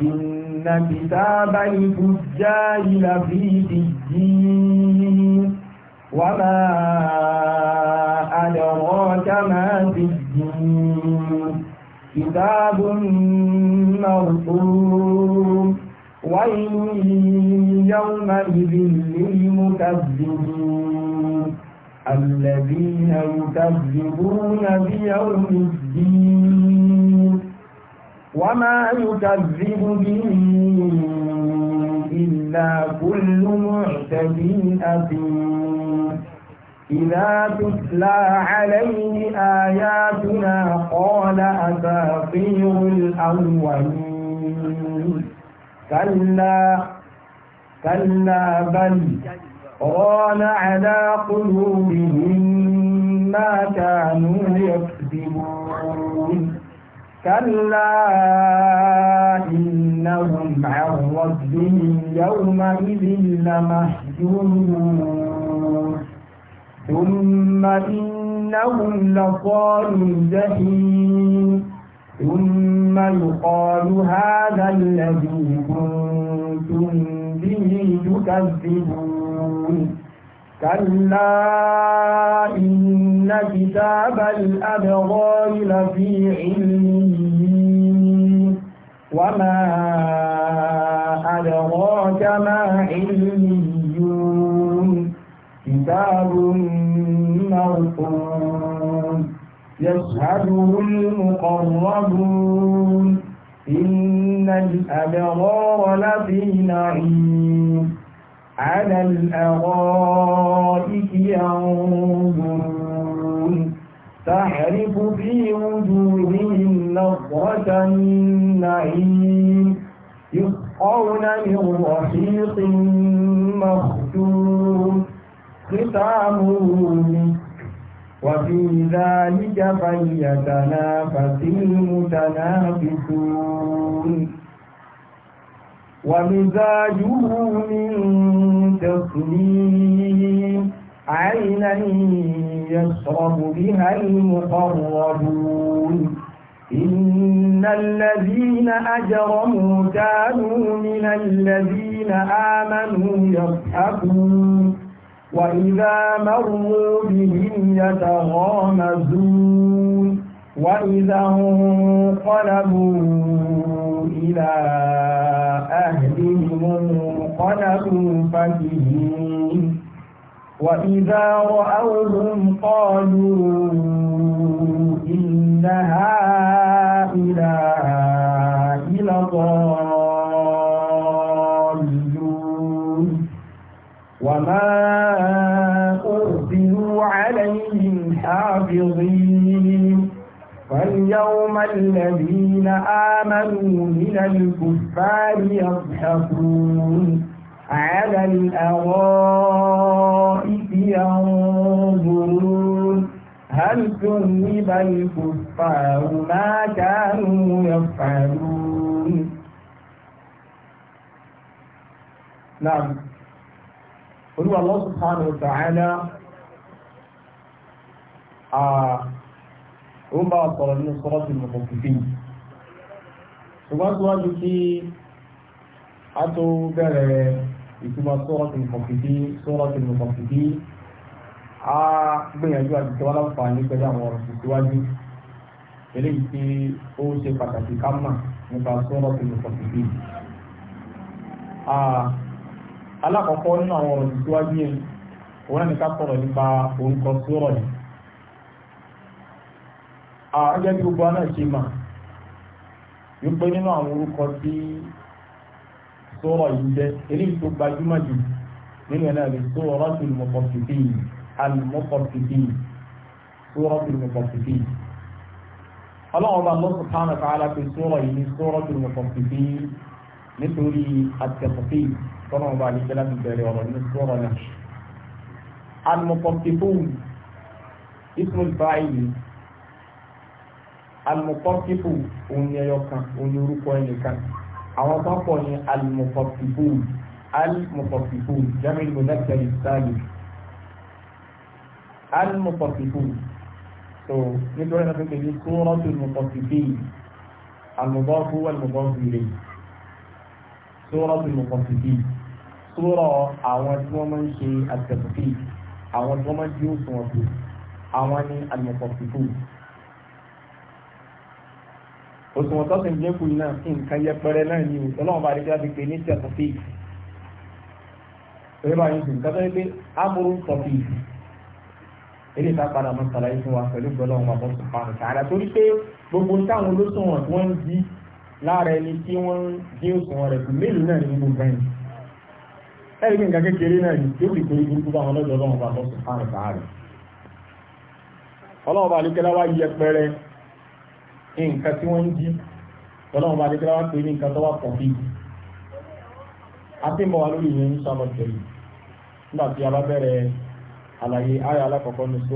إن إن كتاب الفجار لفي سجين وما أدراك ما سجين كتاب مرقوم ويل يومئذ للمكذبين الذين يكذبون بيوم الدين وما يكذب به إلا كل معتد أثيم إذا تتلى عليه آياتنا قال أساطير الأولين كلا كلا بل ران على قلوبهم ما كانوا يكذبون كلا إنهم عن ربهم يومئذ لمحجوبون ثم إنهم لقالوا الجحيم ثم يقال هذا الذي كنتم به تكذبون كلا إن كتاب الأبرار لفي علمين وما أدراك ما علميون كتاب مرقوم يشهده المقربون إن الأبرار لفي نعيم على الأرائك ينظرون تعرف في وجوههم نظرة النعيم يسقون من رحيق مختوم ختامه وفي ذلك فليتنافس المتنافسون ومزاجه من تسليم عينا يشرب بها المقربون إن الذين أجرموا كانوا من الذين آمنوا يضحكون وإذا مروا بهم يتغامزون وإذا انقلبوا إلى أهلهم انقلبوا فكهين وإذا رأوهم قالوا إن هؤلاء لضالون وما أرسلوا عليهم حافظين فاليوم الذين آمنوا من الكفار يضحكون على الأرائك ينظرون هل ثوب الكفار ما كانوا يفعلون نعم قل الله سبحانه وتعالى آه ó ń bá wa sọ̀rọ̀ nínú sọ́rọ́ sí ìmọ̀ òfìfì ṣùgbọ́n síwájú kí a tó bẹ̀rẹ̀ ìtumọ̀ sọ́rọ́ sí ìmọ̀ òfìfì a gbìyànjú àti tí wọ́n láǹfààní pẹ̀lú àwọn ọ̀rọ̀ sí síwájú eléyìí tí ó ṣe pàtàkì ká mà nípa sọ́rọ́ sí ìmọ̀ òfìfì alákọ̀ọ́kọ́ nínú àwọn ọ̀rọ̀ sí síwájú yẹn òun àgẹ́ ah, bí gbogbo náà ṣe mà yóò pé nínú àwọn orúkọ tí sọ́rọ̀ yìí jẹ́ eléyìí tó gbajúmọ̀ jù nínú ẹ̀ náà lè sọ́rọ̀ tó lè mọ̀kọ̀ fìdí àlùmọ̀kọ̀ fìdí sọ́rọ̀ tó lè mọ̀kọ̀ fìdí. ọlọ́run bá lọ́sùn táwọn ọ̀ka alápè sọ́rọ̀ yìí ní sọ́rọ̀ tó lè mọ̀kọ̀ nítorí àtẹ̀kọ̀fì tọ́nà bá lè láti bẹ̀rẹ̀ ọ̀rọ̀ ní sọ́rọ̀ náà. àlùmọ̀kọ̀ fìdí ismul fa'il alimọ̀pọ̀pípù òun ni ẹyọ kan òun ni orúkọ ẹnìkan àwọn kan pọ̀ ní alimọ̀pọ̀pípù alimọ̀pọ̀pípù jamiu mọ̀lẹ́kẹ̀rì sáàlì alimọ̀pọ̀pípù tó nítorí náà pépè ní sórọ́tù mọ̀pọ̀pípì alùbọ́ọ̀fù alùbọ́ọ̀fù rè sórọ́tù mọ̀pọ̀pípì sórọ̀ àwọn tí wọ́n máa ń ṣe àtẹ̀kùfì àwọn tí wọ́n máa ń di òṣùwọ̀n tó àwọn ní alimọ̀pọ̀pípù òṣùwọ̀n tó sì ń dínkù náà nǹkan yẹpẹrẹ náà ni òṣèlú ọlọ́run bá dẹ́gbẹ́ fi pè ní tẹ̀sọ̀fì òye bá yín sùn nǹkan tó ń pè amúrú sọ̀fì eré ìta padà mọ́ sàlàyé fún wa pẹ̀lú gbọ́dọ̀ wọn bọ́ sùn pa nǹkan àrà torí pé gbogbo táwọn olóṣùwọ̀n tí wọ́n ń di lára ẹni tí wọ́n ń dín òṣùwọ̀n rẹ̀ kù mélòó náà ni gbogbo ẹ̀yìn ẹ̀rí nǹkan kékeré náà ni yóò fi torí burúkú bá wọn lọ́dọ̀ ọlọ́run bá bọ́ sùn pa nǹkan àrà ọlọ́run bá ní kẹ́lá wá yẹpẹrẹ nǹkan tí wọ́n ń jí ọlọ́run bá dé pé ní nǹkan tó wà pọ̀ bíi àtìmọ̀ wa lórí ìyẹn tẹ̀lé nígbà tí a bá bẹ̀rẹ̀ àlàyé ayé alákọ̀ọ́kọ́ ní yìí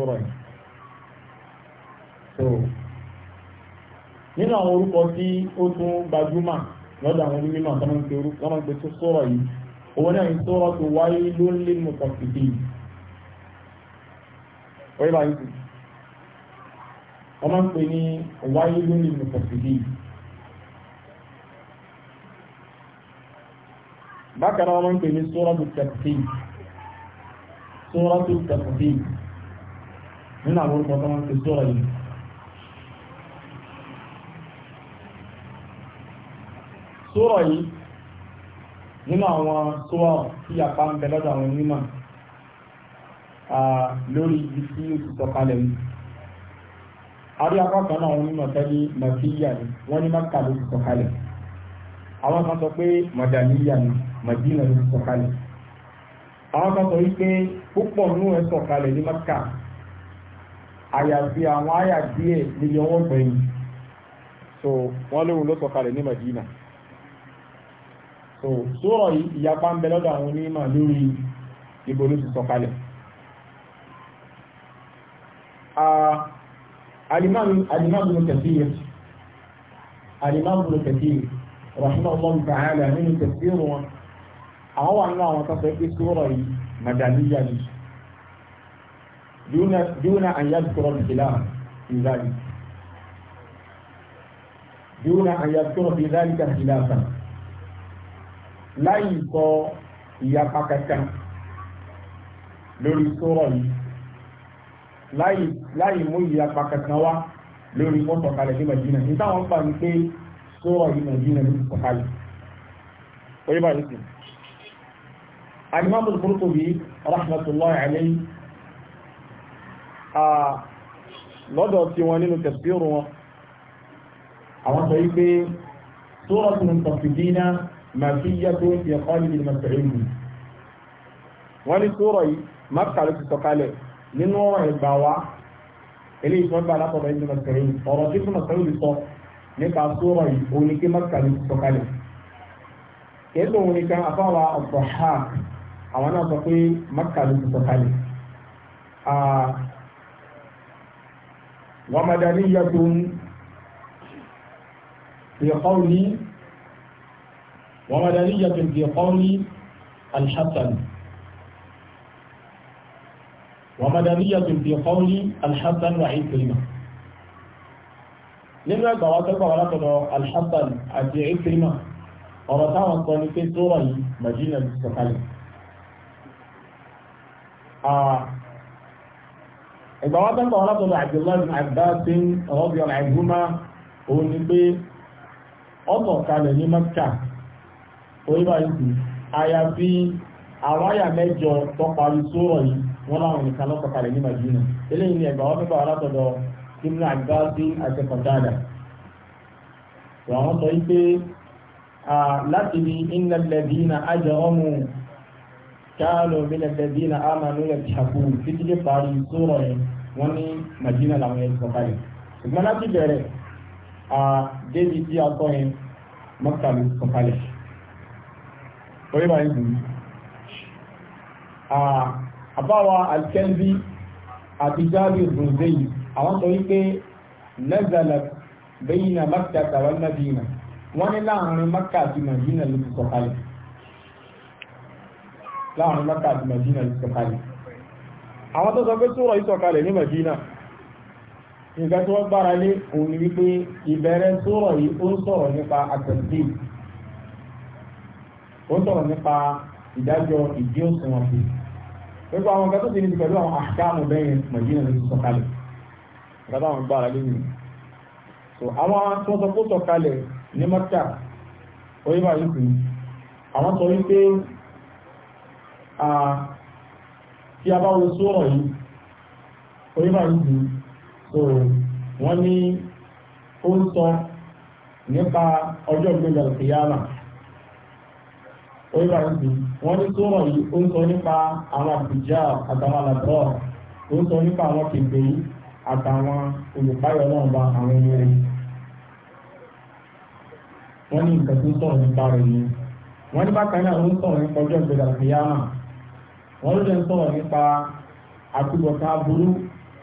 so nínú àwọn orúkọ tí ó tún gbajúmọ̀ lọ́dọ̀ àwọn onímọ̀ tó máa orúkọ máa ń tó sọ̀rọ̀ yìí owó náà ń wọ́n máa ń pè ní wáyé lórí mùsùlùmí. bákan náà wọ́n máa ń pè ní sóràtù tẹ̀sí sóràtù tẹ̀sí nínú àwọn orúkọ tó máa ń pè sóra yìí. sóra yìí nínú àwọn sóra tí apá ń bẹ lọ́dọ̀ àwọn onímọ̀ lórí ibi tí ó ti sọ kalẹ̀ yìí. Ari akọ́kàn náà wọn ní mọ̀tẹ́lí màkíyà ni wọ́n ní mọ́kà ló ti sọ̀kalẹ̀ àwọn kan sọ pé mọ̀dàníyà ni màdínà ló ti sọ̀kalẹ̀ àwọn kan sọ wípé púpọ̀ nínú ẹ̀ sọ̀kalẹ̀ ní mọ́kà àyàfi àwọn àyà díẹ̀ níbi ọwọ́ gbẹ̀yìn so wọ́n lóhun ló sọ̀kalẹ̀ ní màdínà so sóòrọ̀ yìí ìyapa ń bẹ lọ́dọ̀ àwọn onímọ̀ lórí ibo ló ti sọ̀kalẹ̀ الإمام الإمام ابن كثير الإمام ابن كثير رحمه الله تعالى من كثير أو أن الله تصدق سورة مدنية دون دون أن يذكر الخلاف في ذلك دون أن يذكر في ذلك خلافا لا يقو يقاكك لوري سورة láì mú ìyapa kankan wá lórí wọ́n sọ̀kalẹ̀ ní Madina ní táwọn fà ní pé sóòrọ̀ yìí Madina ló sọ̀kalẹ̀ orí bá ní sí alimami Qurtubi rahmatullahi alayhi lọ́dọ̀ tí wọn nínú tafsiru wọn àwọn sọ wípé sóòrọ̀ tó ń tafsirina mafiyatun fi qalbi al wọ́n ní sóòrọ̀ yìí Makka ló ti sọ̀kalẹ̀ nínú ọ̀rọ̀ ìgbà wa eléyìí tí wọ́n gbà látọ̀dọ̀ ìdí mọ̀sẹ̀rẹ̀ yìí ọ̀rọ̀ tí fún mọ̀sẹ̀rẹ̀ yìí sọ nípa sóòrọ̀ yìí òun ni kí mọ̀sẹ̀rẹ̀ yìí sọ kalẹ̀ kéèkó òun nìkan afáwa ọ̀pọ̀ ha àwọn náà sọ pé mọ̀sẹ̀rẹ̀ sọ kalẹ̀ wa madaniyatun fi qawli wa madaniyatun fi qawli al-hasan. ومدنية بقول الحسن وعكرمة nínú ẹgbà wa tẹ́gbà wa látọ̀dọ̀ alhassan àti ikrima ọ̀rọ̀ táwọn sọ ní pé tó wọ̀nyí madina ti sọ̀kalẹ̀ ẹgbà wa tẹ́gbà wa látọ̀dọ̀ abdullahi bin abbasin rọ́bìọ̀ àìhúmá òun ni pé ọ̀sọ̀ kalẹ̀ ní mẹ́ta orí báyìí àyàfi àwọn àyà mẹ́jọ tó parí sórọ̀ yìí wọn láwọn nìkan lọ́kọ̀ kalẹ̀ ní madina eléyìí ni ẹgbàá wọn bẹ́ẹ̀ bá wọn látọ̀dọ̀ ibùdó àgbáàbí àti kọ̀dáàdà tó àwọn sọ wípé láti bí iná lẹ́bí na ajọ ọmọ káàlù mílẹ̀ lẹ́bí na amànú yẹ tìṣàkù títí dé parí sórọ̀ yẹn wọ́n ní madina làwọn yẹn sọ kalẹ̀ láti bẹ̀rẹ̀ débi tí a sọ yẹn mọ́kà ló sọ àbáwa alkẹ́lbí àti jábìr bin zayd àwọn sọ wípé nazala bayna makkah wal madina wọ́n ní láàrin makka àti madina ló ti sọ̀kalẹ̀ láàrin makka àti madina ló ti sọ̀kalẹ̀ àwọn tó sọ pé sura yìí sọ̀kalẹ̀ ní madina nǹkan tí wọ́n gbára lé òun ni wípé ìbẹ̀rẹ̀ sura yìí ó ń sọ̀rọ̀ nípa àtẹ̀sí ó ń sọ̀rọ̀ nípa ìdájọ́ ìdí òsùn ọ̀sìn gbogbo àwọn nǹkan tó ti ní pẹ̀lú àwọn àkáàmù bẹ́yẹn mọ̀jínà ló ti sọ̀kalẹ̀ nǹkan táwọn gbára lórí so àwọn tó sọ pé sọ̀kalẹ̀ ní mọ́tà oríwá yìí kùn àwọn sọ wípé tí a bá wo sóòrọ̀ yìí oríwá yìí kùn so wọ́n ní ó ń sọ nípa ọjọ́ ìgbéga ìyáàmà oyè àwùjọ wọn ní sọ̀rọ̀ yìí ó ń sọ nípa àwọn àbújá àtàwọn àlàbọ ó ń sọ nípa àwọn kèké àtàwọn olùpáyọ náà bá àwọn ẹni rẹ̀ wọn ní nǹkan tó ń sọ̀rọ̀ nípa rẹ̀ yìí wọn ní bákan náà ó ń si nípa ọjọ́ ìgbéga àfihàn wọn ló lè ń sọ̀rọ̀ nípa àtúbọ̀tán aburú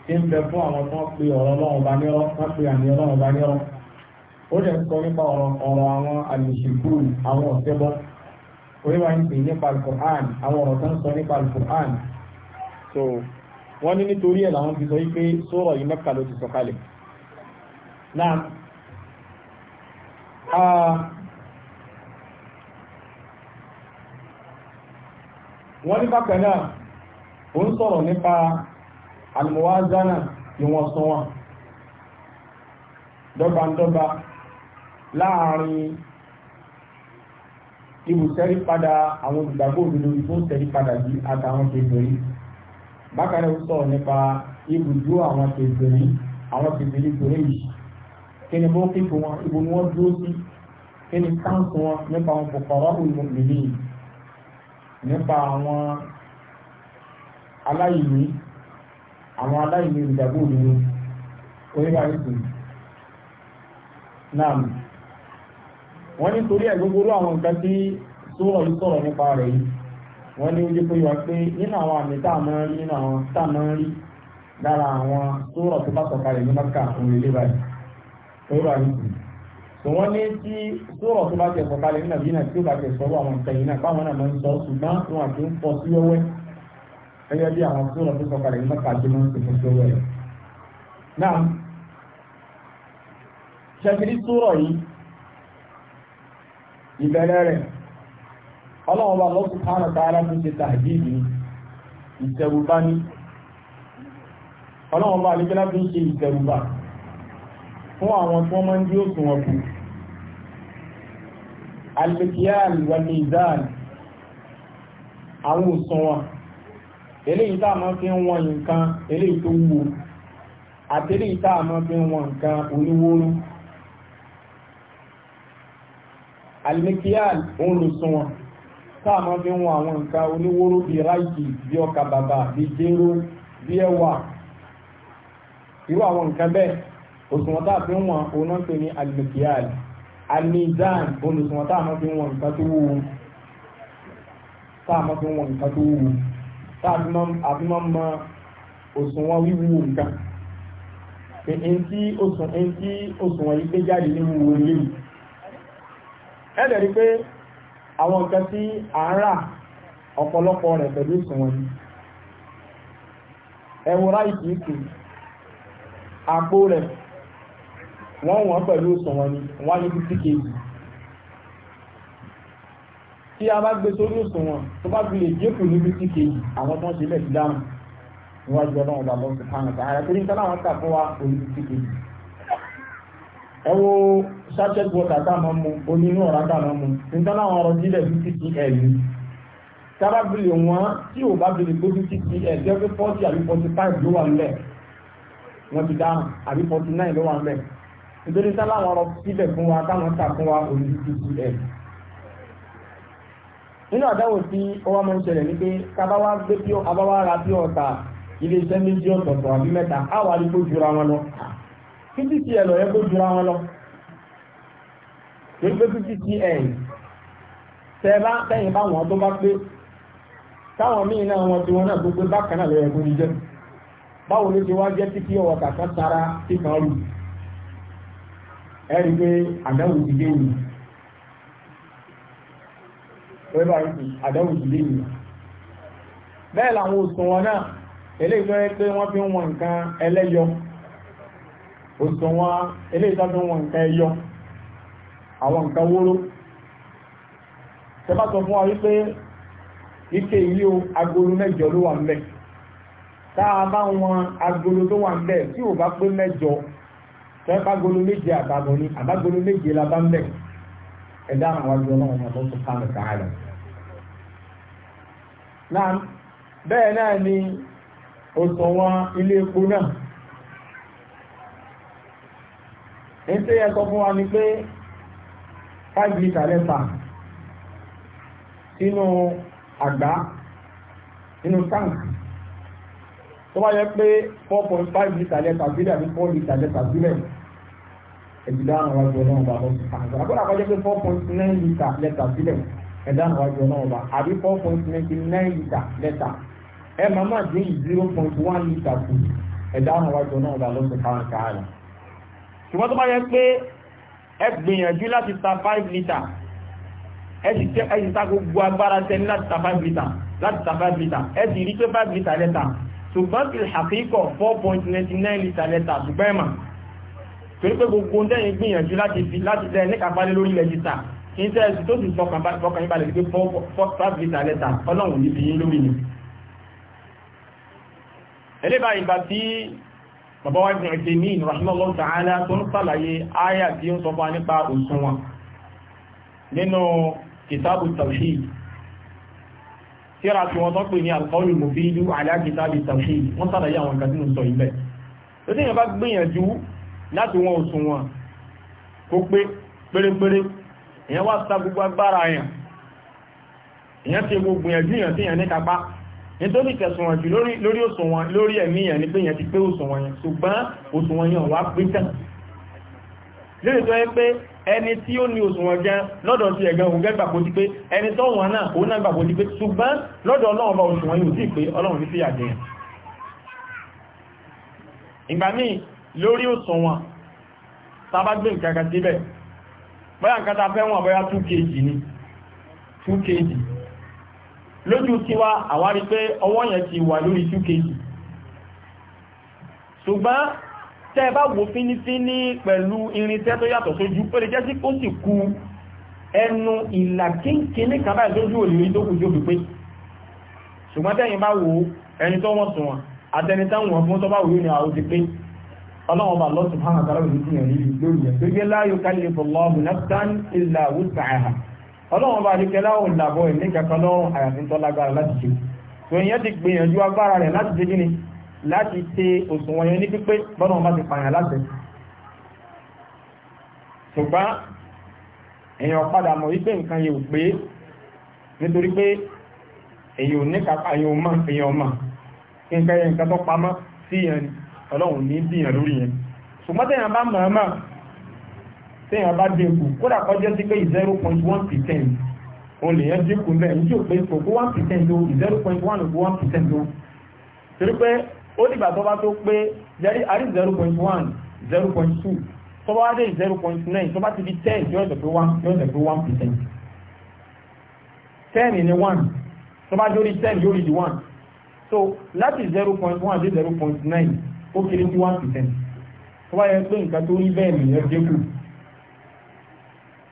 tí ń bẹ fún àwọn tó ń pe ọ̀rọ̀ Ọlọ́run bá nírọ́ wọn pe àmì Ọlọ́run bá ó ń sọ oríwá ń pè nípa alukur'an àwọn ọ̀rọ̀ tó ń sọ nípa alukur'an so wọ́n ní nítorí ẹ̀ làwọn fi sọ wípé sóòrọ̀ yìí mẹ́ka ló ti sọ kalẹ̀ náà wọ́n ní bákan náà ó ń sọ̀rọ̀ nípa almuwazana ìwọ̀nsọ̀wọ̀n dọ́gbandọ́gba láàrin ibùsẹ́rí padà àwọn olùgbàgbọ́ òdodo ibùsẹ́rí padà di àtàwọn kèfèrí bákan náà sọ nípa ibùdó àwọn kèfèrí àwọn kèfèrí kò rí yìí kí ni bó kíkọ wọn ibo ni wọn dúró sí kí ni káńtù wọn nípa àwọn kòkòrò olùmọ̀lẹ́lẹ́ yìí nípa àwọn aláìní àwọn aláìní olùgbàgbọ́ òdodo oníbàárẹ̀ kò náà wọ́n ní torí ẹ̀gbogbo àwọn nǹkan tí sóòrọ̀ yìí sọ̀rọ̀ nípa rẹ̀ yìí wọ́n ní ojú pé wá pé nínú àwọn àmì tá a máa ń rí nínú àwọn tá a máa ń rí lára àwọn sóòrọ̀ tó bá sọ̀kalẹ̀ ní mọ́kà òun ilé báyìí sóòrọ̀ àyùkù sọ wọ́n ní tí sóòrọ̀ tó bá tẹ̀ sọ̀kalẹ̀ nínú àbí náà tí ó bá tẹ̀ sọ̀rọ̀ àwọn nǹkan yìí náà báwọn náà máa ìbẹ̀rẹ̀ rẹ̀ ọlọ́run bá lọ́sù kánà tààrà tó ṣe tàbíìdì ìtẹ̀rùbá ní ọlọ́run bá nígbẹ́lá tó ṣe ìtẹ̀rùbá fún àwọn tí wọ́n máa ń dí òsùn wọn kù alìkíyàn wà ní ìdáàlì àwọn òsùn wọn alimikiyal òun ló sún wọn táà máa fi ń wọn àwọn nǹkan oníwóró bíi ráìkì bíi ọkà bàbà bíi jéró bíi ẹ̀wà irú àwọn nǹkan bẹ́ẹ̀ òṣùwọ̀n táà fi ń wọn òun náà pè ní alimikiyal alimizan òun ló sún wọn táà máa fi ń wọn nǹkan tó wúwo táà máa fi ń wọn nǹkan tó wúwo táà fi máa mọ òṣùwọ̀n wíwúwo nǹkan èyí tí òṣùwọ̀n yìí gbé jáde ní wúwo léyìí ẹ̀rẹ̀ rí pé àwọn nǹkan tí a ń rà ọ̀pọ̀lọpọ̀ rẹ̀ pẹ̀lú ìsìnwọ̀n ni ẹwọ ráìsì ìkì àpò rẹ̀ wọ́n wọ́n pẹ̀lú ìsìnwọ̀n ni wọ́n ní 50 kg tí a bá gbé sórí ìsìnwọ̀n tó bá fi lè dínkù ní 50 kg àwọn tó ń ṣe lẹ̀ sí dáhùn níwájú ọlọ́run bàbá ọ̀sán kan àtàrà torí nǹkan láwọn kà fún wa orí 50 kg ẹwọ́ sachet water táàmà mú onínú ọ̀rá táàmà mú àwọn ọ̀rọ̀ jílẹ̀ tábàbìlì wọn tí ò bá jẹ́ pé àbí ló wà wọ́n ti àbí ló wà nítorí àwọn ọ̀rọ̀ fún wa táwọn fún wa òní nínú àdáwò tí ó wá ń ṣẹlẹ̀ ní pé gbé ọ̀tà méjì ọ̀tọ̀ọ̀tọ̀ àbí fifty cl ọ̀yẹ́ kó jura wọn lọ kí pé fifty cl tẹ bá tẹ̀yìn bá wọn tó bá pé táwọn míì náà wọn tí wọn náà tó pé bákan náà lọ́yẹ̀ kó ní jẹ́ báwo ló ti wá jẹ́ títí ọwọ́ kàkà sára tí kan rù ẹ rí i pé àdáwò ti dé yìí pé báyìí ti àdáwò ti dé yìí bẹ́ẹ̀ làwọn òsùn wọn náà eléyìí tó yẹ pé wọ́n fi ń wọn nǹkan ẹlẹ́yọ òṣùwọ̀n ilé ìtọ́jú wọn nǹkan ẹyọ àwọn nǹkan wóró tẹ́bá sọ fún wa wípé ike yìí o agolo mẹ́jọ ló wà ńbẹ̀ tá a bá wọn agolo tó wà ńbẹ̀ tí ò bá pé mẹ́jọ tẹ́bá agolo méje àbàbọ̀ ni àbágolo méje la bá ńbẹ̀ ẹ̀dá àwọn àjọ náà wọn tó tún kánú káàlà. náà bẹ́ẹ̀ náà ni òṣùwọ̀n ilé epo náà èyí tó yẹ sọ fún wa ni pé five litre lẹ́fà sínú àgbá nínú táǹkì tó bá yẹ pé four point five litre lẹ́fà sílẹ̀ àbí four litre lẹ́fà sílẹ̀ ẹ̀dùdá àwọn àjọ náà bá lọ sí àgbà àgbàdo àkọ́jọ́ pé four point nine litre lẹ́tà sílẹ̀ ẹ̀dá àwọn àjọ náà bá àbí four point ninety nine litre lẹ́tà dín zero point kù ẹ̀dá àwọn àjọ náà bá lọ sí àgbà àgbà ṣùgbọ́n tó bá yẹ pé ẹ gbìyànjú láti ta 5 litre ẹ sì ta gbogbo agbára tẹni láti ta 5 litre láti ta 5 litre ẹ sì rí pé 5 litre lẹ́ta ṣùgbọ́n kìí àkíkọ̀ 4.99 litre lẹ́ta ṣùgbọ́n ẹ̀mà torí pé gbogbo tẹ́yìn gbìyànjú láti fi láti tẹ́ ní kàfálé lórí lẹ́jítà kí n tẹ́ẹ̀sì tó sì fọkàn ìbàlẹ̀ pé 5 litre lẹ́ta ọlọ́run ní fi yín lórí ni ẹlẹ́bàá ìgbà tí bàbá wa ìbìnrin tèmí ìrànlọ́lọ́ tààlá tó ń sàlàyé áyà tí ó sọ fún wa nípa òṣùwọ̀n nínú kìtàbù tawhid tíra tí wọ́n tó pè ní alqawl mufid ala kìtàbù tawhid wọ́n sàlàyé àwọn nǹkan tí ó sọ ilẹ̀ tó tí yẹn bá gbìyànjú láti wọn òṣùwọ̀n kó nítorí tẹ̀sùnwọ̀n jù lórí òṣùwọ̀n lórí ẹ̀mí yẹn ni pé yẹn ti pé òṣùwọ̀n yẹn ṣùgbọ́n òṣùwọ̀n yẹn wà pín tán lórí tó yẹ pé ẹni tí ó ní òṣùwọ̀n jẹ́ lọ́dọ̀ ti ẹ̀gẹ́ òun gẹ́gbà kó ti pé ẹni tó wọn náà òun náà gbà kó ti pé ṣùgbọ́n lọ́dọ̀ ọlọ́run bá ni 2 lójú tiwa àwárí pé ọwọ́ yẹn ti wà lórí 2kg ṣùgbọ́n tẹ́ bá wò fínífíní pẹ̀lú irinṣẹ́ tó yàtọ̀ sójú ó lè jẹ́ sí kó sì ku ẹnu ìlà kínkínní kan báyìí lójú òlìrí tó kù jóbi pé ṣùgbọ́n tẹ́yìn bá wò ẹni tó wọ́n sùn wọn àtẹnitán wọn fún tó bá wò ní àwọn ti pé ọlọ́wọ́n bá lọ́sùn fún àkàrà òní ọlọ́run bá dikẹ́ láwọn ìdàbọ̀ ẹ̀ ní kankan lọ́rùn àyàfi tó lágbára láti ṣe tòun yẹn ti gbìyànjú agbára rẹ̀ láti ṣe gíní láti ṣe òṣùwọ̀n yẹn ní pípé bọ́nà wọn bá ti pààyàn láti ṣùgbọ́n èèyàn padà mọ̀ wípé nǹkan yìí ò pé nítorí pé èèyàn ò ní kápá èèyàn mọ̀ èèyàn mọ̀ kí nǹkan yẹn nǹkan tó pamọ́ sí yẹn ọlọ́run ní bíyàn lórí yẹn ṣùgbọ́n tẹ̀yàn bá mọ̀ ọ́ mọ̀ téèyàn bá dínkù kódà kọjá sí pé zero point one percent òun lè yẹn dínkù bẹ́ẹ̀ ní tí ò pé kòkó one percent o zero point one kò one percent o torí pé ó dìgbà tó bá tó pé jẹ́rí àrí zero point one zero point two tó bá wá dé zero point nine tó bá ti di ten yóò dẹ̀ pé one yóò dẹ̀ pé one percent ten ni one tó bá dórí ten yóò rí di one so láti zero point one dé zero point nine ó kéré sí one percent tó bá yẹ pé nǹkan tó rí bẹ́ẹ̀ nìyẹn dínkù.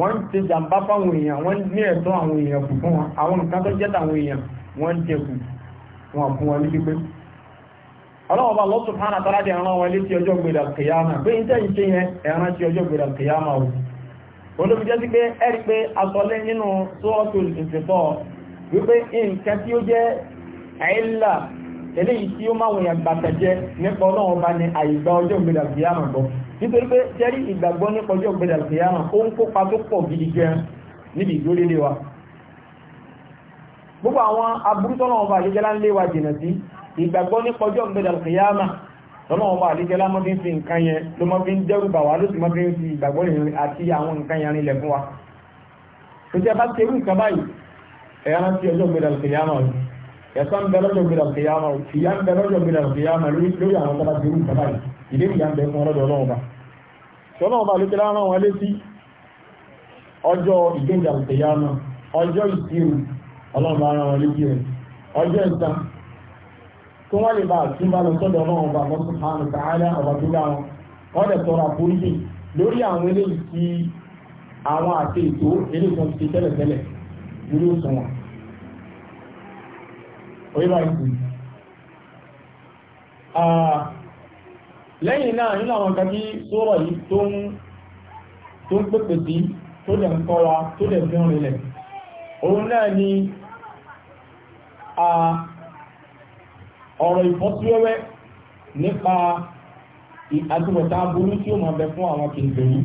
wọ́n ti jàǹbá fáwọn èèyàn wọ́n ní ẹ̀tọ́ àwọn èèyàn kù fún wọn àwọn nǹkan tó jẹ́ tàwọn èèyàn wọ́n ń tẹ̀kù wọn fún wọn ní pípé ọlọ́wọ́ bá lọ́tún hàn àtàrádì ẹ̀ràn wọn létí ọjọ́ gbèrà kìyàmà pé ń tẹ́yìn ṣe yẹn ẹ̀ràn tí ọjọ́ gbèrà kìyàmà o olóbi pé asọ́lé nínú wípé nǹkan tí ó jẹ́ àìlà eléyìí tí ó máa wọ̀nyà gbàtẹ̀jẹ́ nípa ọlọ́run ọba ní àìgbà ọjọ́ ìgbéra kìyàmù bọ̀ nítorí pé jẹ́rí ìgbàgbọ́ nípa ọjọ́ ìgbéra kìyàmù ó ń kópa tó pọ̀ gidi gan níbi ìgbóléle wa gbogbo àwọn aburú tọ́lọ́run ọba àlejẹ́lá ń lé wa jìnà sí ìgbàgbọ́ nípa ọjọ́ ìgbéra kìyàmù tọ́lọ́run ọba àlejẹ́lá mọ́ fi ń fi nǹkan yẹn ló mọ́ fi ń dẹ́rù bà wá ló sì mọ́ fi ń fi ìgbàgbọ́ yẹn àti àwọn nǹkan yẹn rinlẹ̀ fún wa ẹ̀san bẹ lọ́jọ́ gbéra kìyàmà ìyà ń bẹ lọ́jọ́ gbéra kìyàmà lórí àwọn tọ́lá ti rú kàbáyì ìdí ìyà ń bẹ fún ọlọ́dọ̀ ọlọ́ọ̀ba tọ́lọ́ọ̀ba ló kíra rán wọn létí ọjọ́ ìgbéga kìyàmà ọjọ́ ìṣirò ọlọ́ọ̀ba rán wọn létí rẹ̀ ọjọ́ ìta kí wọ́n lè bá àtúbà lọ sọ́dọ̀ ọlọ́ọ̀ba lọ́sùn hàn káàlà ọba tó dá wọn wọ́n dẹ̀ tọrọ àforíjì lórí àwọn eléyìí tí àwọn àti ètò eléyìí tó ti tẹ́lẹ̀tẹ́lẹ̀ lórí òsùn wọn orílẹ̀ ìpù lẹ́yìn náà nínú àwọn kan tí sóòrọ̀ yìí tó ń pèpè sí tó dẹ̀ ń kọ́wa tó dẹ̀ fi ń rinlẹ̀ òun náà ni ọ̀rọ̀ ìfọ́síwẹ́wẹ́ nípa àtúbọ̀tán aburú tí ó máa bẹ fún àwọn kìndìnrín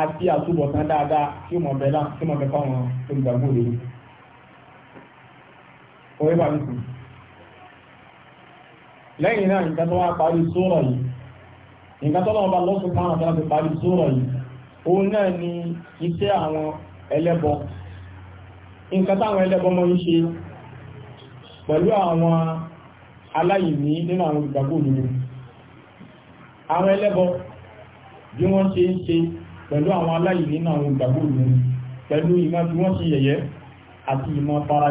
àti àtúbọ̀tán dáadáa tí ó máa bẹ fún àwọn olùgbàgbọ́ òdòdó ọ̀rẹ́ bá nìkan lẹ́yìn náà nǹkan tó wá parí sóòrọ̀ yìí nǹkan tó lọ́wọ́ bá lọ́sùn káwọn tó láti parí sóòrọ̀ yìí òun náà ni iṣẹ́ àwọn ẹlẹ́bọ nǹkan táwọn ẹlẹ́bọ mọ́ ń ṣe pẹ̀lú àwọn aláìní nínú àwọn olùgbàgbọ́ òdodo àwọn ẹlẹ́bọ bí wọ́n ṣe ń ṣe pẹ̀lú àwọn aláìní nínú àwọn olùgbàgbọ́ òdodo pẹ̀lú ìmọ̀ tí wọ́n ṣe yẹ̀yẹ́ àti ìmọ̀ fara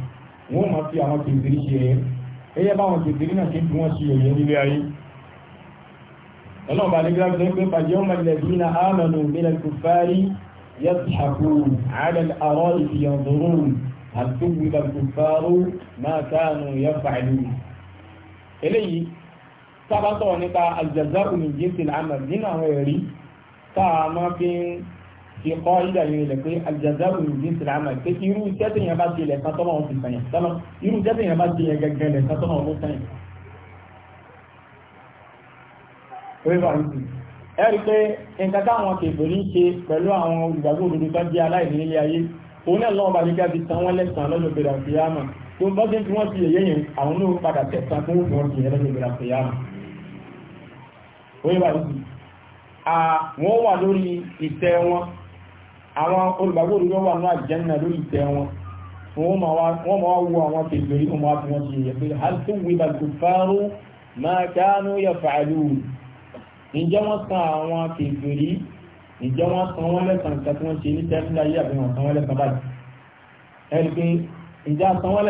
wọ́n máa fi àwọn kìrìkìrì ṣe ẹ̀yẹ ẹyẹ báwọn kìrìkìrì náà ṣe fi wọ́n ṣe ẹ̀yẹ nílé ayé ọlọ́ọ̀bà ní gíláàbù tó ń pè pàjẹ́ ọmọ ilẹ̀ bí na ámànù mílẹ̀ kùfárí yẹ́sàkù àádẹ́ ìkọ́ ìdá yìí rẹ̀ pé aljazaru ní jíǹsì láàmà pé irú iṣẹ́ tí yẹn bá ti ilẹ̀ kan tọ́lọ́ wọn fi sàyàn tọ́lọ́ irú iṣẹ́ tí yẹn bá ti ilẹ̀ gẹ́gẹ́ ilẹ̀ kan tọ́lọ́ wọn ló sàyàn. ẹ rí i pé nǹkan táwọn kèfèrí ń ṣe pẹ̀lú àwọn olùgbàgbọ́ òdodo tó jẹ́ aláìní nílé ayé òun náà lọ́wọ́ bá mi gábi san wọ́n lẹ́sàn-án lọ́jọ́ gbèrà àwọn wà lórí ìtẹ́ wọn àwọn olùgbàgbọ́ òdodo wà ní àjẹ́nà lórí ìtẹ́ wọn wọ́n máa wá wo àwọn kèbèrè wọn máa fi wọn ti yẹ pé halittun wíwá kùfàárù máa kánú yẹ fàálù ǹjẹ́ wọ́n san àwọn kèbèrè ǹjẹ́ wọ́n san wọ́n lẹ́sàn nǹkan tí wọ́n ṣe ní tẹ́lifíà yìí àbí wọ́n san wọ́n lẹ́sàn báyìí ẹ̀rí pé ǹjẹ́ a tí wọ́n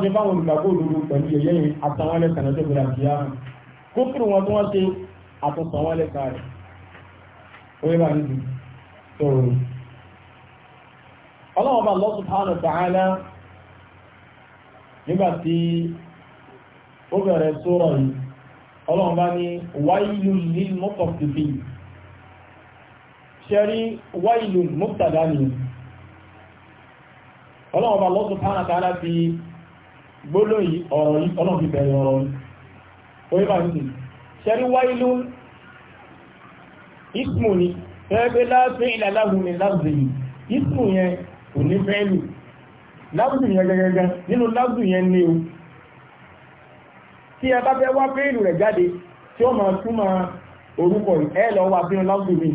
ṣe báwọn olùgbàgbọ́ òdodo pẹ̀lú yẹ̀yẹ́ yìí a san àtúnṣàn wọ́n lẹ́ta rẹ̀ orí bá níbi tòrò ọlọ́wọ́n ta'ala nígbàtí ó bẹ̀rẹ̀ sóra yìí ni, bá ní wailul lil mutaffifin ṣẹ́rí wailul mubtada ni ọlọ́wọ́n bá Allah subhanahu wa ta'ala fi gbólóyìí ọ̀rọ̀ yìí ọlọ́wọ́n fi bẹ̀rẹ̀ ọ̀rọ̀ ismu ni ẹgbẹ́ láti ìlàláhùn ní láti yìí ismu yẹn kò ní fẹ́lù láti yẹn gẹ́gẹ́gẹ́ nínú láti yẹn ní o tí ẹ bá fẹ́ wá fẹ́lù rẹ̀ jáde tí ó máa túmọ̀ orúkọ ẹ lọ wá fẹ́lù láti mi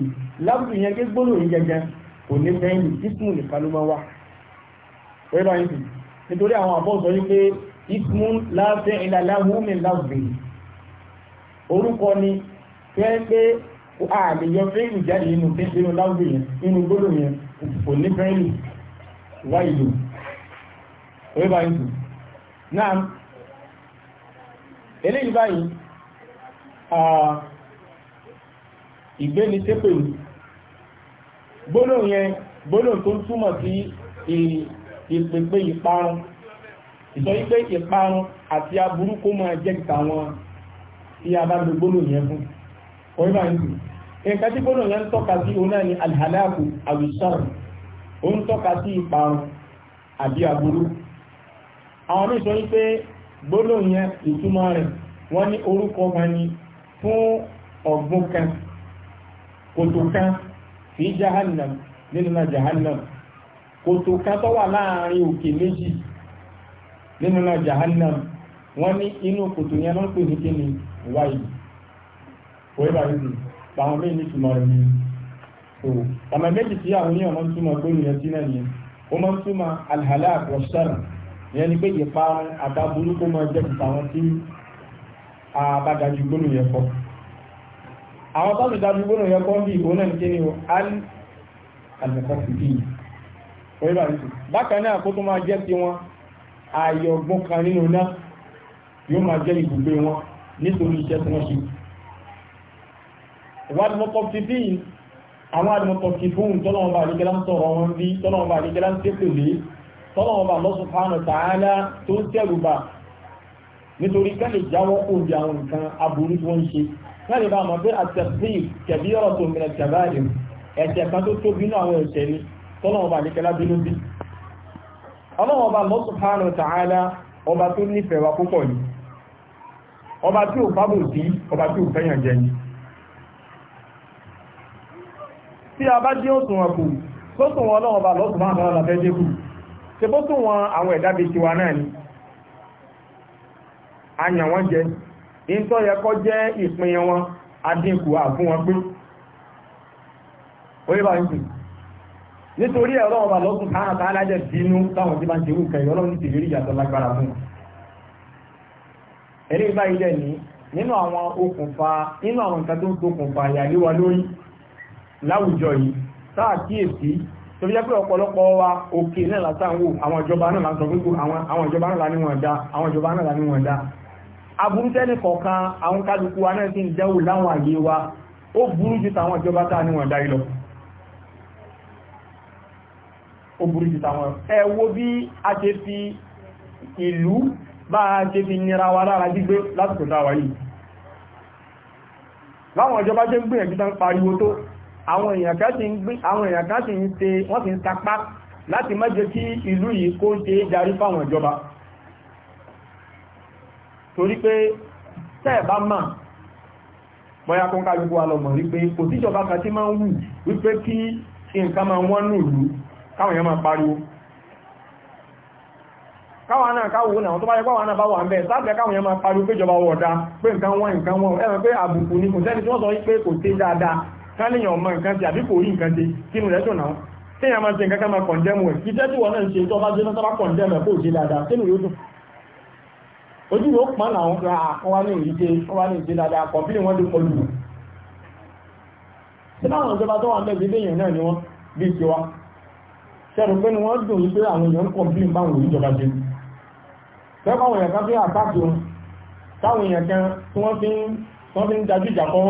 láti yẹn gé gbóló yìí gẹ́gẹ́ kò ní fẹ́lù ismu nìkan ló máa wá wẹ́n bá yín sí nítorí àwọn àbọ̀sọ yìí pé ismu láti ìlàláhùn ní láti yìí orúkọ ni fẹ́ pé ààbè yọ fẹ́ẹ̀lù jáde nínú nínú láwùjọ yẹn nínú gbọ́dọ̀ yẹn kò ní fẹ́ẹ̀lù wá ìlú orí bá ìlú náà eléyìí báyìí ìgbéni tépè gbọ́dọ̀ yẹn gbọ́dọ̀ tó túmọ̀ sí ìpèpè ìparun ìsọ wípé ìparun àti aburú kó máa jẹ́ ìtàwọn tí a bá gbogbo lòyìn ẹkùn orí bá ń nǹkan tí gbọ́dọ̀ yẹn ń tọ́ka sí òun náà ni alhalaku awisar ó ń tọ́ka sí ìparun àwọn míì sọ wípé gbọ́dọ̀ yẹn ìtumọ̀ rẹ̀ wọ́n ní orúkọ ni fún kan kòtò kan fi jahannam nínú na jahannam kòtò kan tó wà láàrin òkè méjì nínú náà jahannam inú kòtò yẹn làwọn míì ní túmọ̀ rẹ̀ ni so ọ̀nà méjì tí àwọn oníyàn máa ń túmọ̀ gbóyún yẹn náà ni ó máa ń túmọ̀ alhalak wa ìyẹn ni pé ìparun àtàbúrú kó máa jẹ́ tìta àwọn tí àbájájú gbóyún yẹn kọ́ àwọn tó ti dájú gbóyún yẹn kọ́ bí ìbò náà kí ni al alẹ́kọ̀ọ́sìtì orí bá rí bákan náà kó tó máa jẹ́ ti wọn ààyè ọgbọ́n kan nínú náà yóò máa jẹ́ ibùgbé wọn nítorí iṣẹ́ tí wọ́n ṣe wàlmọ́tọ̀kìfín àwọn àdìmọ̀tọ̀kìfún tọ́lọ̀wọ̀nbà àríkẹ́lá ń sọ̀rọ̀ wọn bí tọ́lọ̀wọ̀nbà àríkẹ́lá ń tẹ́kùlé tọ́lọ̀wọ̀nbà lọ́sùfánà tààlá tó ń tẹ́rùbà nítorí kẹ́lẹ̀ jáwọ́ òbí àwọn nǹkan aburú tí wọ́n ń ṣe kẹ́lẹ̀ bá nífẹ̀ẹ́ wa púpọ̀ ni ọba tí ò fábòsí ọba tí ò fẹ́yàn jẹ ni tí a bá dín òṣùwọ̀n kù tó sùn wọn lọ́wọ́ bá lọ́sùn máa náà lọ́fẹ́ jẹ́ kù ṣe bó sùn wọn àwọn ẹ̀dá bíi tiwa náà ni a yàn wọ́n jẹ ìtọ́ yẹ kọ́ jẹ́ ìpín wọn adínkù àfún wọn pé orí bá ń sùn nítorí ẹ̀rọ ọba lọ́sùn tánà tánà jẹ́ bínú táwọn tí bá ń ṣe wùkẹ́ ẹ̀rí ìbáyìí dẹ̀ ní nínú àwọn okùnfà nínú lórí láwùjọ yìí sáà kíyèsí tó fi jẹ́ pé ọ̀pọ̀lọpọ̀ wa òkè náà látàwò àwọn ìjọba náà lásọ gbogbo àwọn ìjọba náà ní wọ̀n dá àwọn ìjọba náà ní wọ̀n dá aburú tẹ́nì kọ̀ọ̀kan àwọn kálukú wa náà ti ń dẹ́wò láwọn àyè wa ó burú ju tàwọn ìjọba tá ní dá yìí lọ ó burú ju tàwọn ẹ wo bí a ṣe fi ìlú bá a ṣe fi nira wa lára gbígbé lásìkò táwa yìí láwọn ìjọba ṣe gbìyànjú tán pariwo tó àwọn èèyàn kan ti ń gbé àwọn èèyàn kan ti ń ṣe wọ́n ti ń sapá láti má jẹ́ kí ìlú yìí kó ṣe é darí fáwọn ìjọba torí pé tẹ́ẹ̀ bá mà bọ́yá kún kálukú wa lọ mọ̀ wípé kò síjọba kan tí máa ń wù wípé kí nǹkan máa wọ́n nù lú káwọn èèyàn máa pariwo káwọn náà káwọn náà tó bá yẹ káwọn náà bá wà ń bẹ sábẹ́ káwọn èèyàn máa pariwo péjọba wọ̀dá pé nǹkan wọ́n nǹkan wọ́n ẹ̀rọ pé àbùkù ni kò sẹ́ni tí wọ́n sọ wípé kò sí dáadáa káléèyàn ọmọ nǹkan ti àbí kò rí nǹkan ti kínú rẹ̀ dùn náà téèyàn máa ṣe nǹkan ká máa kọ̀ndẹ́mù ẹ̀ kí tẹ́tù wọn náà ń ṣe tó bá jẹ́ náà sábà kọ̀ndẹ́mù ẹ̀ kó ṣe dáadáa kínú yóò dùn ojú yóò pọ́n náà wọ́n wá ní ìríṣe wọ́n wá ní ìríṣe dáadáa kọ̀m̀pínì wọ́n ti pọ̀ lù ṣé báwọn ìjọba tó wà mẹ́bí léèyàn náà ni wọ́n bí ti wá ni wọ́n dùn wípé àwọn èèyàn ń kọ̀m̀pínì báwọn ìjọba ṣe fẹ́ báwọn èèyàn kan fi àtàkùn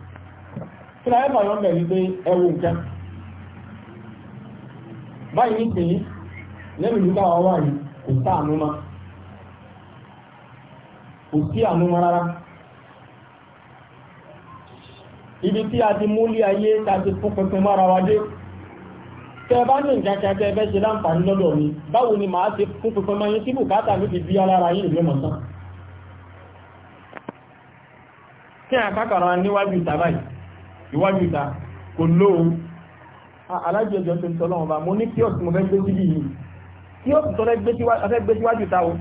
kí láyé fàyọ̀ mbe bẹ̀ ewu nke. nǹkan ni ní pé lẹ́yìn nígbà wà wà yìí kò sá ibi tí a ti mú lé ayé ta ti fún mara mọ́ra wa tẹ bá ní nǹkan kan tẹ fẹ́ ṣe láǹfààní mi báwo ni màá ṣe fún tí bùkátà mi ti bí alára ìlú mọ̀ tán kí ìwájú ìta kò lóhun alájẹjọ tó ń sọ lọ́wọ́ bá mo ní kíọ̀sì mo fẹ́ gbé síbí yìí kíọ̀sì tó fẹ́ gbé síwájú ìta o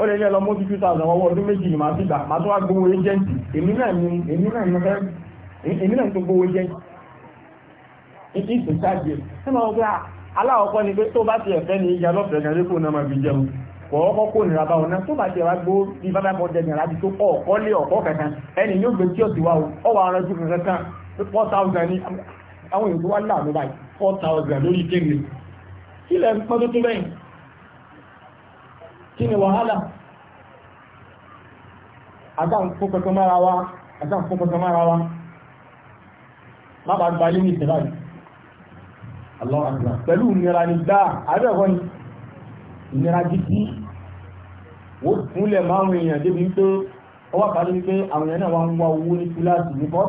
ó lè ní ẹlọmọ ojú two thousand ọwọ́ ọdún méjì ni màá ti gbà màá tó wá gbowó ẹjẹǹtì èmi náà ni èmi náà ni fẹ́ èmi náà tó gbowó ẹjẹǹtì ìdí ìsìn ṣáàjì ẹ̀ sẹ́nu ọgbà ah, aláwọ̀kọ́ ni pé tó bá ti ẹ̀fẹ́ ni ìyá lọ́fẹ̀ẹ́ kan lé kó náà máa fi jẹun ọkọ̀ kó nira bá ọ̀nà tó bá ti wá gbó bí bá bá bọ́jẹ̀ nira bí tó ọ̀kọ́ lé ọ̀kọ́ kankan ẹni yóò gbé tí o ọ wà ránjú kankan four thousand ní àwọn èèyàn tó wá láàánú báyìí four thousand lórí kí lẹ̀ ń pọ́n tó tó bẹ́yìn kí ni wàhálà àtàǹfọ́kọ̀kọ̀ mára wa mára wa má gbalé ní ìtẹ̀lá yìí wọ́n túnlẹ̀ márùn èèyàn débi pé wọ́n wà kárí pé àwọn èèyàn náà wá ń wá owó ní kíláàsì nípa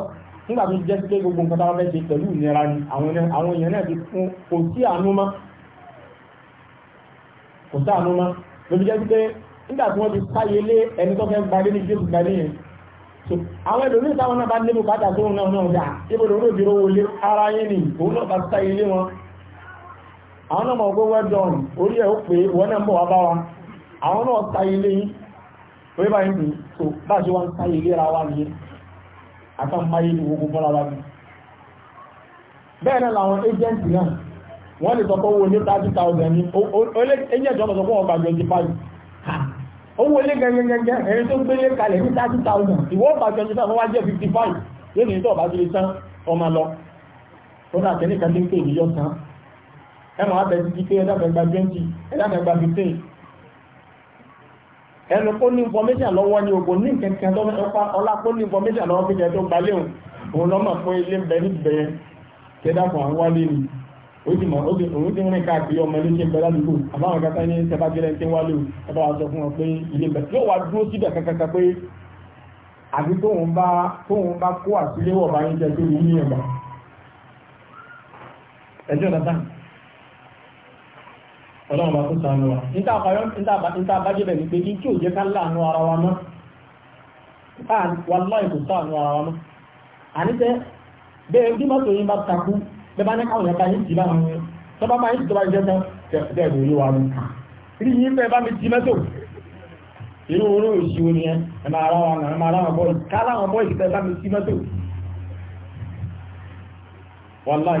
nígbà tó jẹ́ pé gbogbo nǹkan táwọn fẹ́ ṣe pẹ̀lú ìnira ni àwọn èèyàn náà ti fún kò sí àánú mọ́ kò sí àánú mọ́ lóbi jẹ́ pé nígbà tí wọ́n ti sáyé lé ẹni tó fẹ́ gbalé ní jésù gbalé yẹn so àwọn ẹlòmíì táwọn náà bá nílò bàtà tó náà náà dà ibo lòun òbí rówó lé ara yín ni òun náà bá sáyé lé wọn àwọn náà mọ̀ pé wẹ́dọ̀n orí ẹ̀ ó pé wọ́n náà ń bọ̀ wá bá wa àwọn náà ta ilé yìí wọ́n bá yìí tó bá ṣe wọ́n ta ilé ra wá ní àtàmáyé ní gbogbo fọ́nra wá ní bẹ́ẹ̀ náà làwọn agent náà wọ́n lè sọ pé owó ní thirty thousand ní agent ọmọ sọ pé wọ́n gba twenty five owó ilé gẹ́gẹ́gẹ́gẹ́ ẹni tó gbélé kalẹ̀ ní thirty thousand ìwọ́n gba twenty five wọ́n wá jẹ́ fifty five yóò ní tó ọ̀bá ti lè tán ọmọ lọ tọ́lá àtẹnikà tí ń pè ní yọ̀tán ẹ máa bẹ̀ títí pé ẹnu kó ní information lọ́wọ́ ní ogun ní kẹ̀kẹ́ tó ọpá ọlá kó ní information lọ́wọ́ kẹ̀kẹ́ tó gbalé O òun lọ́mọ fún ilé bẹ ní bẹ̀rẹ̀ kẹ́dàkùn àwọn wálé ni ó sì mọ̀ òun ti rìn káàkiri ọmọ ilé ṣe bẹ́lá lùkù àbáwọn kẹta ní sẹbàjẹ́lẹ̀ tí wálé òun ẹbá wa sọ fún wọn pé ilé bẹ̀ yóò wá dúró síbẹ̀ kankan pé àbí tóun bá tóun bá kó àtúléwọ̀ bá yín tó ní ní ẹ̀gbà ẹjọ́ dáadáa ọlọ́run bá kó sànú wa níta àbájẹ́bẹ̀ ní pé kí kí ò jẹ́ ká láàánú ara wa mọ́ wàláì kò sànú ara wa mọ́ àníṣẹ́ bẹ́ẹ̀ bí mọ́tò yín bá takú bẹ́ẹ̀ bá ní káwọn yẹn bá yín wọn tó bá máa yín tó bá jẹ́ tán bẹ́ẹ̀ ló wa mú rí yín fẹ́ bá mi jí mọ́tò irú oró òṣìwò ni ẹ máa ara wọn ẹ máa ara wọn bọ́ọ̀lù ká láwọn bọ́ọ̀lù fẹ́ bá mi jí mọ́tò wàláì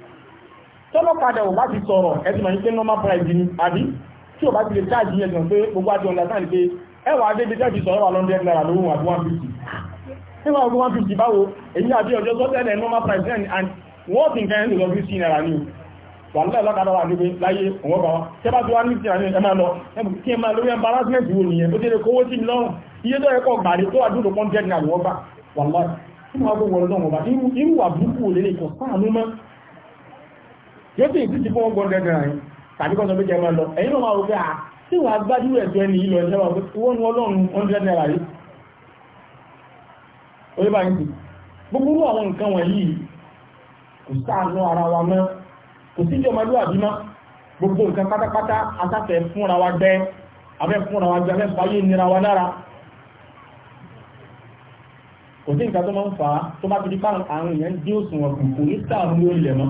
tọ́lọ́kadà ò bá ti sọ̀rọ̀ ẹ̀sìn màá ní pé normal price ni àbí tí ò bá ti lè charge yẹn gan pé gbogbo àti ọ̀la sáà ní pé ẹwà adébí tẹ́ẹ̀tì sọ̀rọ̀ wà lọ́ndẹ̀ náírà lówó àti one fifty nígbà gbogbo one fifty báwo èyí àti ọjọ́ sọ́tẹ̀lẹ̀ normal price náà and wọ́n ti nǹkan ẹ̀sìn lọ fifty náírà ni wà lọ́lẹ̀ lọ́kadà wà níbi láyé òun ọba tẹ́ bá ti wá ní ìsìn àní ẹ̀ máa lọ kí ẹ máa lórí embarrassment wo nìyẹn ó ti lè kówó sí lọ́rùn iye tó yẹ kọ́ gbàdé tó àdúró pọ́ńtẹ́ẹ̀tì náà wọ́n bá wà lọ́ọ̀ yóò sì ti fún ọgbọ̀n dandan rẹ̀ tàbí kọ́sọ̀ pé jẹun lọ ẹ̀yìn náà máa rò pé à tí wàá gbájú rẹ̀ tó ẹni ìlọ ìjọba wọ́n nu ọlọ́run hundred naira rí orí bá ń sì gbogbo àwọn nǹkan wọ̀nyí kò sáànú ara wa mọ́ kò sí ìjọmọlúwàbí mọ́ gbogbo nǹkan pátápátá asáfẹ́ fúnra wa gbẹ́ abẹ́ fúnra wa gbẹ́ abẹ́ fàyè nira wa lára kò sí nǹkan tó máa ń fà á tó bá ti di pàrọ̀ àrùn yẹn dé òṣùwọ̀n kò ní sáànú lórí ilẹ̀ mọ́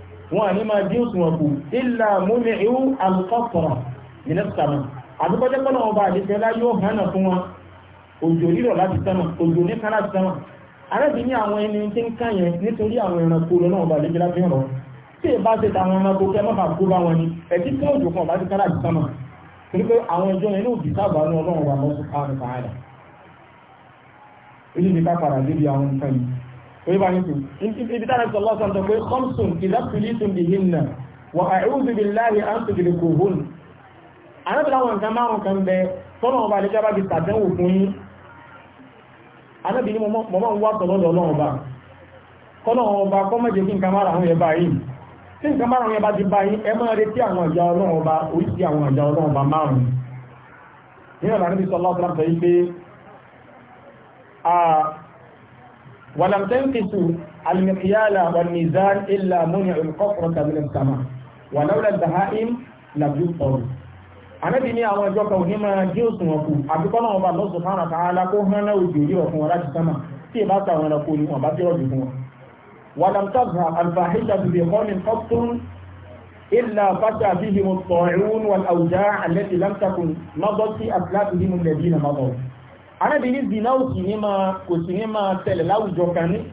wọn àní máa dín òṣùwọ̀n kù ilà múmi ìwú alùpàpọ̀rọ̀ mínísítàmù àdúgbọ́jẹ́ pọ́nà ọba àdìsẹ́ láyé ó hànà fún wọn òjò rírọ̀ láti sánà òjò ní kánà sánà arábìn ní àwọn ẹni tí ń ká yẹn nítorí àwọn ẹranko lọ ọba àdìsẹ́ láti rọ̀ tí ì bá ṣe tàwọn ẹranko kẹ́ mọ́fà kó bá wọn ni ẹ̀tí pé bá nìkú ibi tára sọ lọ́sọ̀ tó pé khamsun ìdápìlítùn bí hinna wà a'udhu billahi an tudrikuhun anábìlá wọn kan márùn kan bẹ tọ́nà ọba àdéjọ́ bá fi tàdánwò fún yín anábìlí mọ́ máa ń wá sọ lọ́dọ̀ ọlọ́run ọba kọ́nà ọba kọ́mọ̀jẹ́ kí nǹkan márùn yẹn báyìí tí nǹkan márùn yẹn bá ti báyìí ẹ máa retí àwọn ìyà ọlọ́run ọba oríṣi àwọn ìyà ọlọ́run ọba márùn nínú ولم تنقصوا المقيال والميزان إلا منع القفرة من السماء ولولا البهائم لم يفطروا anabi ní àwọn ẹjọ́ kan òní máa jí òsùn wọn kù àbíkọ́ náà wọn bá lọ́sùn fún àwọn àlá kó hán náà òjò yíwọ̀ fún wọn láti sánmà tí ì bá ta àwọn ẹranko ni wọn bá tí ọ̀dùn fún wọn. wàlám tàbí alfàhíjà ti lè kọ́ni kọ́tún ilà fàtà bíbi mo tọ̀ ẹ̀rún wọn àwùjá àlẹ́ ti láǹtakùn lọ́dọ́ sí àtìláàtì nínú lẹ́bí nà mọ́tọ̀. arábìnrin ní zina ò sì ní máa kò sí ní máa tẹ̀lẹ̀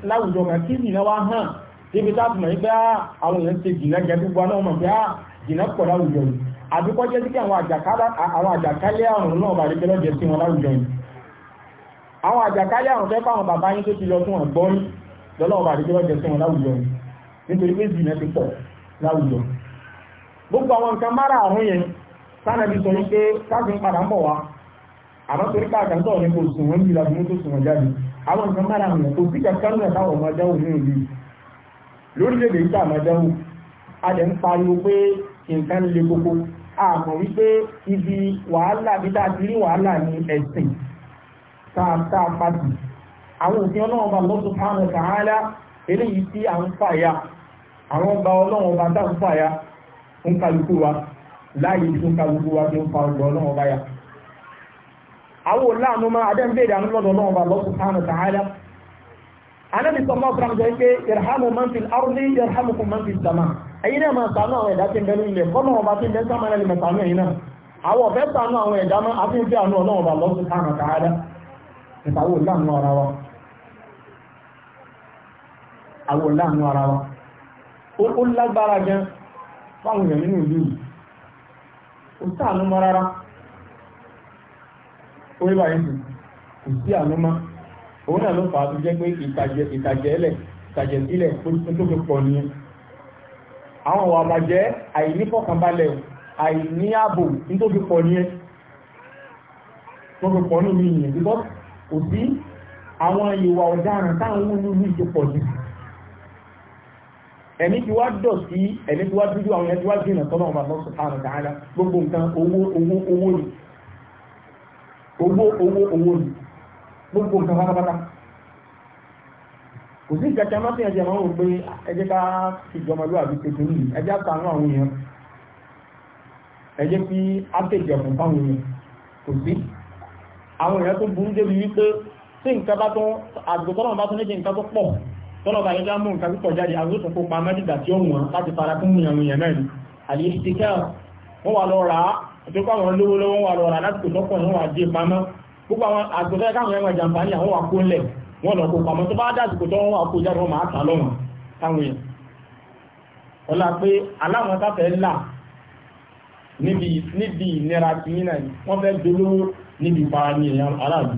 láwùjọ kan kí zina wá hàn débi tá a ah, àwọn èèyàn ṣe gbogbo náà mọ̀ pé ah, zina pọ̀ láwùjọ yìí jẹ́ sí kí àwọn àjàkálẹ̀ àrùn náà bá rí pé lọ́jọ́ sí wọn láwùjọ yìí àwọn àjàkálẹ̀ àrùn fẹ́ fáwọn bàbá yín tó ti lọ ọ̀gbọ́n àmọ́ torí káàkiri sọ̀rọ̀ ní kò sùn wọ́n yìí lagunmọ́ tó sùn wọ́n jáde àwọn nǹkan mára àwọn kò sí kankan náà táwọn ọmọ adáwò ní òní lórílẹ̀-èdè yìí táwọn adáwò a lè ń pariwo pé nǹkan le koko àmọ́ wípé ibi wàhálà bí tá ti rí wàhálà ní ẹ̀sìn tá a pàtì àwọn òfin ọlọ́run bá lọ́sùn fáwọn kàálà eléyìí tí à ń fàyà àwọn ọba ọlọ́run bá tá à ń fàyà ń kálukú wa láàyè tó ń kálukú wa tó ń fa ọgbà ọlọ́run bá àwọn olóàánú máa adé ń bèèrè àánú lọ́dọ̀ náà bá lọ́sùn táwọn tààlà anábì sọ mọ́ fúnra jẹ́ pé irhamu man fil ardi yarhamukum man fis sama ẹ̀yin náà máa ṣàánú àwọn ẹ̀dá tí ń bẹ nílẹ̀ bọ́nà ọba tí ń bẹ sáma náà lè máa ṣàánú ẹ̀yin náà àwọn ọ̀fẹ́ ṣàánú àwọn ẹ̀dá máa ó lágbára gan fáwọn èèyàn nínú ìlú yìí mọ́ rárá orí bá yìí kò sí àánú mọ́ òun náà ló fà á tó jẹ́ pé ìtàjẹ ìtàjẹ ẹlẹ̀ ìtàjẹ sílẹ̀ tó fi pọ̀ nìyẹn àwọn ọ̀wà àbàjẹ́ àìnífọ̀kànbalẹ̀ àìní ààbò tó fi pọ̀ nìyẹn tó fi pọ̀ nínú ìyẹn bíkọ́ kò sí àwọn ìwà ọ̀daràn táwọn ohun nínú ìṣe pọ̀ jù ẹni tí wá dọ̀ sí ẹni tí wá dúdú àwọn ẹni tí wá dìnà tọ́lọ́ ọba lọ́sùn àrùn dáadáa gbogbo nǹkan owó owó owó yìí owó owó owó ni gbogbo nǹkan pátápátá kò sí ìkẹkẹ mọ́tò ẹ̀jẹ̀ máa ń wò pé ẹjẹ́ ká ìjọmọlúwàbí tuntun yìí ẹjẹ́ àtàánú àwọn èèyàn ẹjẹ́ fi átẹ̀jẹ̀ ọ̀fun fáwọn èèyàn kò sí àwọn èèyàn tó burú débi wípé tí nǹkan bá tó àgbò tọ́lọ̀ bá tó léjì nǹkan tó pọ̀ tọ́lọ̀ bá yẹjá mú nǹkan púpọ̀ jáde àgbò tó kópa mẹ́dìgbà tí ó wọ̀n láti fara fún ìyàwó èèyàn mẹ́rin àlè ìsìkẹ́ wọ́n wà lọ ràá tó kọ́ àwọn olówó lọ́wọ́ wà lọ́ra láti kò sọ́kọ̀ wọn wà dé pamọ́ gbogbo àwọn àgbẹ̀fẹ́ káwọn ẹ̀wọ̀n jàǹfààní àwọn wà kó lẹ̀ wọn lọ kó pamọ́ tó bá dàsì kò tọ́ wọn wà kó jáde wọn máa tà lọ́wọ́n táwọn èèyàn ọlá pé aláwọn sáfẹ́ là níbi ìnira ti yín náà wọ́n fẹ́ dolówó níbi ìfara ní èèyàn aráàlú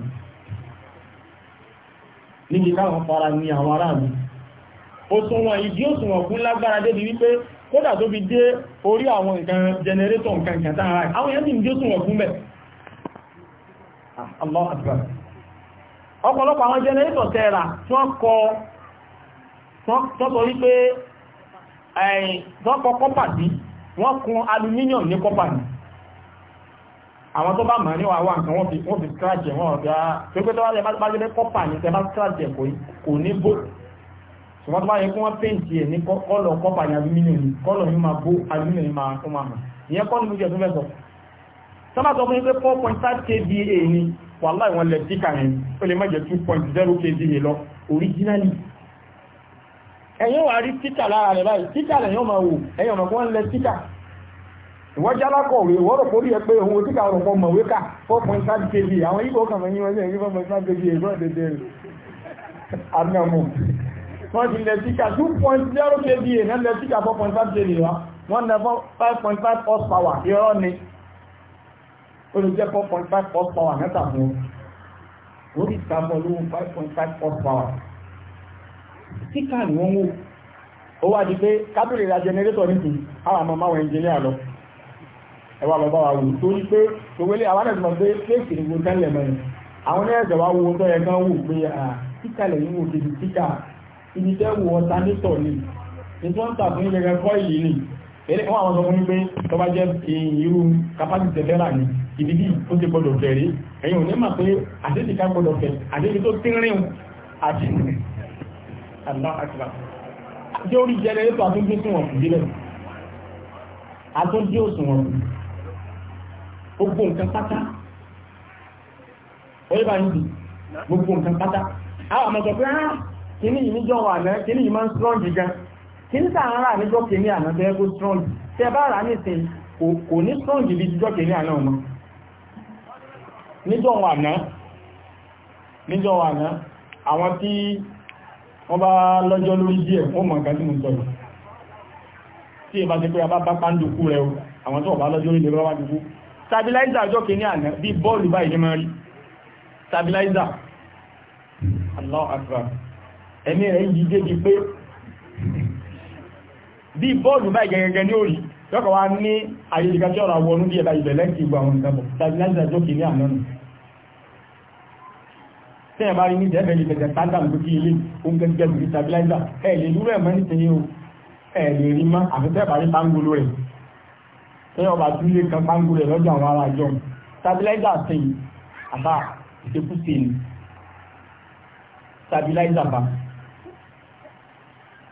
níbi káwọn fara ní àwọn aráàlú òṣùwọ̀n ìdí òṣùwọ̀n fún lágbára débi wípé kódà tó fi dé orí àwọn nǹkan jẹnẹrétọ̀ nǹkan nǹkan tán ara àwọn èèyàn sì ń dé sùn ọ̀kún bẹ̀ ah, ọ̀pọ̀lọpọ̀ àwọn jẹnẹrétọ̀ tẹ́ra tí wọ́n kọ tọ́tọ̀ wípé tọ́kọ kọ́pà sí wọ́n kùn aluminium ní kọ́pà ní àwọn tó bá mọ̀ ní wàwà nǹkan wọ́n fi scratch ẹ̀ wọ́n ọ̀dá ah, tó pé tó wá lẹ́ bá jẹ́ kọ́pà scratch ẹ̀ kò ní bó ṣùgbọ́n tó bá yẹ kí wọ́n pèntì ẹ̀ ní kọ́lọ̀ kọ́pà ní aluminium ní kọ́lọ̀ ní máa bó aluminium ní máa fún màmá ìyẹn kọ́ ní mo jẹ́ tó fẹ́ sọ sábà sọ fún yín pé four point five kVA ni wàhálà ìwọ̀n lẹ̀ díkà yẹn ó lè má jẹ́ two point zero kVA lọ originally ẹ̀yìn wà rí títà lára rẹ̀ báyìí títà lẹ̀yìn ọmọ wò ẹ̀yìn ọmọ kan lẹ títà ìwọ́jà alákọ̀wé ìwọ́rọ̀ kórì ẹ pé owó títà ọ̀rọ̀ kan mọ̀wé kà four point five kVA àwọn yìí kò kàn mọ́ yín wọ́n ṣe yín four point five kVA ìgbọ́n dédé rẹ̀ àmì ọmọ wọ́n ti lẹ̀ síkà 2.0 kVA náà lẹ̀ síkà 4.5 kVA wá wọ́n lẹ̀ 5.5 horsepower irọ́ ni ó 4.5 horsepower mẹ́ta fún ó rí ìtàbọ̀ 5.5 horsepower síkà ni wọ́n wò ó wá di pé kábìrì ra generator nìkan àwọn àmọ́ máwọn ẹnjìníà lọ ẹwà lọ bá wa wò torí pé tòwélé àwọn ẹ̀sìn mọ̀ pé kéèkì ni tẹ́lẹ̀ mẹ́rin àwọn ẹ̀sìn wa wo tó yẹ kán wò pé kíkà lẹ́yìn wò kejì kíkà ibi tẹ́ wọ ọ̀tá nítọ̀ ni ìtọ́ntà fún ìrẹ̀rẹ̀ kọ́ ìlú ni ẹni wọ́n àwọn ọmọ wípé tó bá jẹ́ irú capacity fẹ́ra ní ibi bí ó ti gbọdọ̀ fẹ̀rí ẹ̀yìn ò ní mà pé àdébì ká gbọdọ̀ fẹ̀ àdébì tó tínrín àti àdáàkìlá tí ó rí jẹ́rẹ̀ ètò àtúndí sùnwọ̀n fún ìbílẹ̀ àtúndí òsùnwọ̀n gbogbo nǹkan pátá ó yẹ bá yìí gbogbo nǹkan pátá àwọn ọmọ sọ pé ah, kíní yìí níjọ́ àná kíní yìí máa ń strong gan kíní tá à ń rà níjọ́ kíní àná tó kó strong tẹ bá rà nísìn kò ní strong bí níjọ́ kíní àná ọmọ níjọ́ àná níjọ́ àná àwọn tí wọ́n bá lọ́jọ́ lórí díẹ̀ wọ́n mọ̀ nǹkan tí mo sọ̀rọ̀ tí ìbá ti pé a bá bá pàndùkú rẹ̀ àwọn tó wọ́n bá lọ́jọ́ lórí lọ́wọ́ dùkú stabilizer ọjọ́ kìíní àná bí bọ́ọ̀lù báyìí ní mọ́ stabilizer Allah akbar ẹ̀mí rẹ̀ yìí débi pé bí bọ́ọ̀lù bá gẹ̀gẹ̀gẹ̀ ní orí lọ́kọ̀ wá ní ayélujára tí ọ̀rọ̀ àwọn olúdí ẹ̀bá ìbẹ̀lẹ̀ ti gbọ́ àwọn ìtàbọ̀ tàbí láti àjọ́kì ní àná tí ẹ̀ bá rí ní ìdẹ́fẹ̀ lè bẹ̀rẹ̀ sádàm tó kí ilé ohun gẹ́gẹ́ bí stabilizer ẹ̀ lè lúrẹ̀ mọ́ ní tẹ́yẹ o ẹ̀ lè rí mọ́ àfẹ́fẹ́ bá rí pangolo rẹ̀ tí ọba tún lè kan pangolo rẹ̀ lọ́jọ́ sí ni stabilizer bá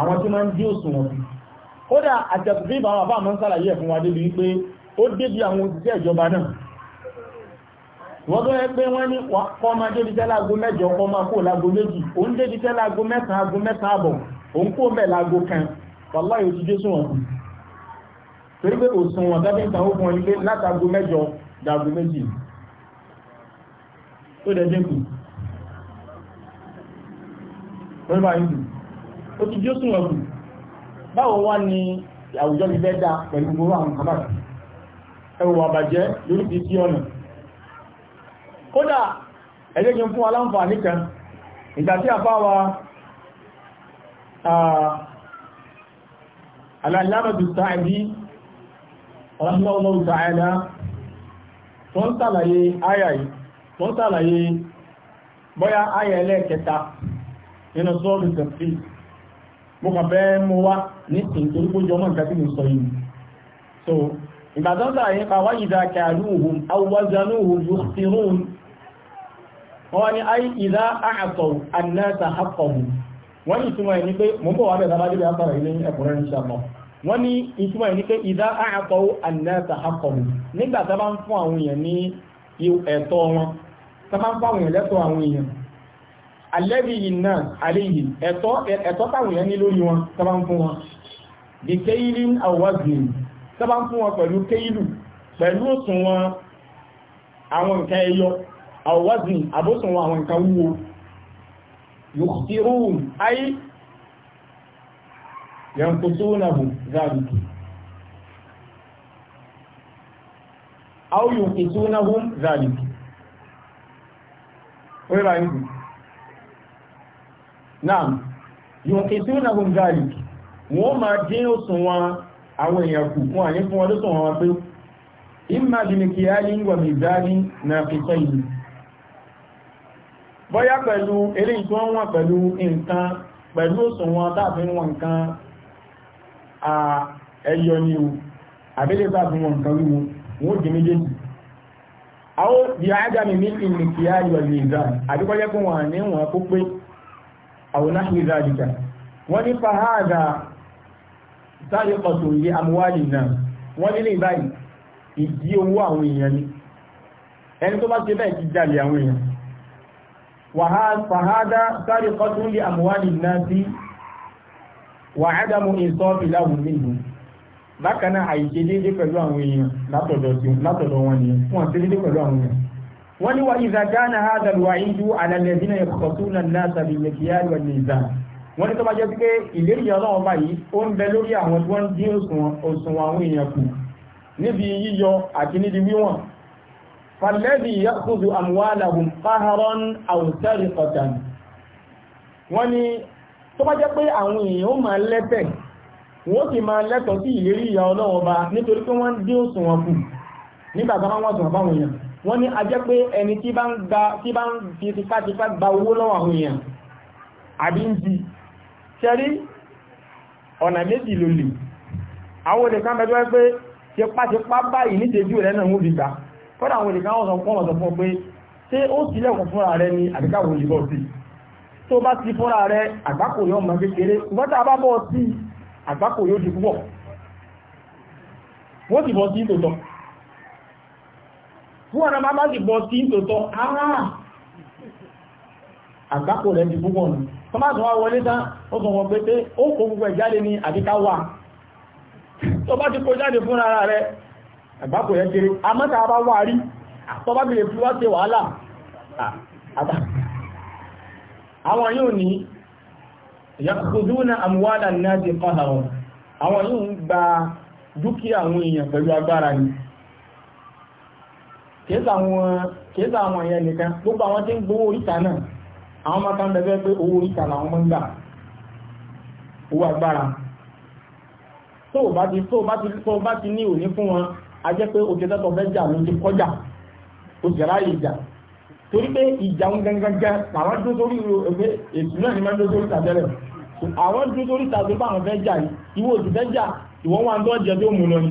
àwọn tí máa ń dí òṣùwọ̀n bí kódà àjẹ̀bí bá wà bá mọ́ sàlàyé ẹ̀ fún wa débi pé ó débi àwọn òṣìṣẹ́ ìjọba náà wọ́n tó yẹ pé wọ́n ní kọ́ máa débi tẹ́ láago mẹ́jọ kọ́ máa kó láago méjì òun débi tẹ́ láago mẹ́sàn-án aago mẹ́sàn-án àbọ̀ òun kó mẹ́ láago kan wàláyé ojú jésù wọn kù torí pé òṣùwọ̀n dábẹ́ ìtàn ó fún ọ nílé látago mẹ́jọ dàgò méjì tó dẹ́ dínkù. Wọ́n bá yín kù. ó ti jó sùn ọ̀gbìn báwo wá ni àwùjọ ti fẹ́ pẹ̀lú gbogbo àwọn kàbàtà ẹwọ àbàjẹ́ lórí ti sí ọ̀nà kódà ẹ̀lẹ́gbẹ̀ fún aláǹfààní kan a bá wa aláàlámàdù sáàbí bọ́yá ayà ẹlẹ́ẹ̀kẹta nínú mo kàn fẹ́ mú wá ní ìtorí kó jọmọ́ nǹkan tí mo sọ yìí so ìgbàdán sàrẹ̀ nípa wá ìdá kàlúhùn awọ́zanúhùn yóò wọ́n ni ayé ìdá àkọ̀ ànáta àkọ̀hùn wọ́n ní ìtumọ̀ ẹni pé mo ń bọ̀ wá bẹ̀rẹ̀ bá débẹ̀ àpàrà ilé ẹ̀kùnrin ní sàmọ̀ wọ́n ní ìtumọ̀ ẹni pé ìdá àkọ̀ ànáta àkọ̀hùn nígbà tá bá ń fún àwọn èèyàn ní ẹ̀tọ́ wọn tá bá ń fún àwọn èèyàn lẹ́tọ̀ọ́ àwọn èèyàn alẹ́bí yìí náà àléyìn ẹ̀tọ́ ẹ̀tọ́ táwọn èèyàn ní lórí wọn sábà ń fún wọn the kailin awazin sábà ń fún wọn pẹ̀lú kailu pẹ̀lú òsùn wọn àwọn nǹkan ẹyọ awazin àbósùn wọn àwọn nǹkan wúwo yòkùtìrún ayé yankusunahu zaliki aw yunkisunahum zaliki oye náà yóò kí tí ó náà gùn gáàlì wọ́n máa dín òsùn wọn àwọn èèyàn kù fún àyín fún ọdún sùn wọn pé ìmá bìnì kí á ní wà mìzáàlì náà fi sọ ìlú bọ́yá pẹ̀lú eré tí wọ́n wọ́n pẹ̀lú nǹkan pẹ̀lú òsùn wọn tàbí wọn nǹkan ẹyọ ni o àbílẹ̀ tàbí wọn nǹkan wíwo wọ́n jẹ méjèèjì àwọn bí ágámi ní ìlú kí á yọ wọn ní wọn kó pé àwòláhì ìdájíkà wọ́n ní fàhádà sáré pọ̀tò ilé amúwálì náà wọ́n ní ní báyìí ìdí owó àwọn èèyàn ni ẹni tó bá ṣe bẹ́ẹ̀ ti jalè àwọn èèyàn fàhádà sáré pọ̀tò ilé amúwálì náà sí wàhádàmù ìsọ́ọ̀fì láwùn nílùú bákan náà àìṣedéédé pẹ̀lú àwọn èèyàn látọ̀dọ̀ wọn ni wọ́n ṣe déédé pẹ̀lú àwọn èèyàn wọ́n ní wa ìzà gánà hádà lùwà ìdú àlàlẹ̀ dínà ìkọ̀tún náà tàbí ìyẹ̀kìyà Wani to ìzà wọ́n ní tó bá jẹ́ pé ìlérí ọlọ́run báyìí ó ń bẹ lórí àwọn tí wọ́n dín òsùn àwọn èèyàn kù níbi yíyọ àti níbi wíwọ̀n fàlẹ́bì yàkùzù àmúwàlàhùn fáhàrán àwùsẹ́rì ọ̀tàn wọ́n ní tó bá jẹ́ pé àwọn èèyàn ó máa lẹ́tẹ̀ wọ́n sì máa lẹ́tọ̀ sí ìlérí ìyà ọlọ́run ọba nítorí pé wọ́n dín òsùn wọn kù nígbà tó máa wọ́n sùn àbáwọn èèyàn wọ́n ní a jẹ́ pé ẹni tí bá ń fi tipátipá gba owó lọ́wọ́ àwọn èèyàn àbí ń di ṣẹ́rí ọ̀nà méjì ló lè àwọn olè kan bẹ̀rẹ̀ pé tipátipá báyìí ní tẹ́jú rẹ̀ náà wọ́n fi gbà kọ́dà àwọn olè kan wọ́n sọ fún ọ̀sọ̀ fún pé ṣé ó sílẹ̀kùn fúnra fúnra rẹ̀ àgbákò yóò fún ọ̀nà bá sì bọ́ sí ìtòtọ́ ara àgbákò rẹ̀ ti púpọ̀ nù tó máa tún wá wọlé tán ó tún wọ pété ó kó gbogbo ẹ̀ jáde ní àdíká wà tó bá ti kó jáde fún ara rẹ̀ àgbákò rẹ̀ kéré amọ́ta bá wà rí tó bá bèèrè fúwá ṣe wàhálà àwọn yóò ní yàkùdúnà àmúwádà náà ti kọ́ àwọn yóò ń gba dúkìá àwọn èèyàn pẹ̀lú agbára ni kéèsà àwọn èèyàn nìkan gbogbo àwọn tí ń gbówó oríta náà àwọn ọmọ kan bẹ̀rẹ̀ pé owó oríta làwọn mọ́ ń gbà owó agbára tó bá ti tó bá ti tó bá ti ní òní fún wọn a jẹ́ pé òkè tẹ́tọ̀ fẹ́ jà ló ti kọjá o sì ráyè ìjà torí pé ìjà ń gangan àwọn dúró sórí ẹgbẹ́ èsì náà ni máa ń dúró sórí tàbẹ́rẹ̀ àwọn dúró sórí tàbí báwọn fẹ́ jà yìí ìwọ òsì fẹ́ jà ìwọ wà ń tọ́ jẹ tó mú lọ ni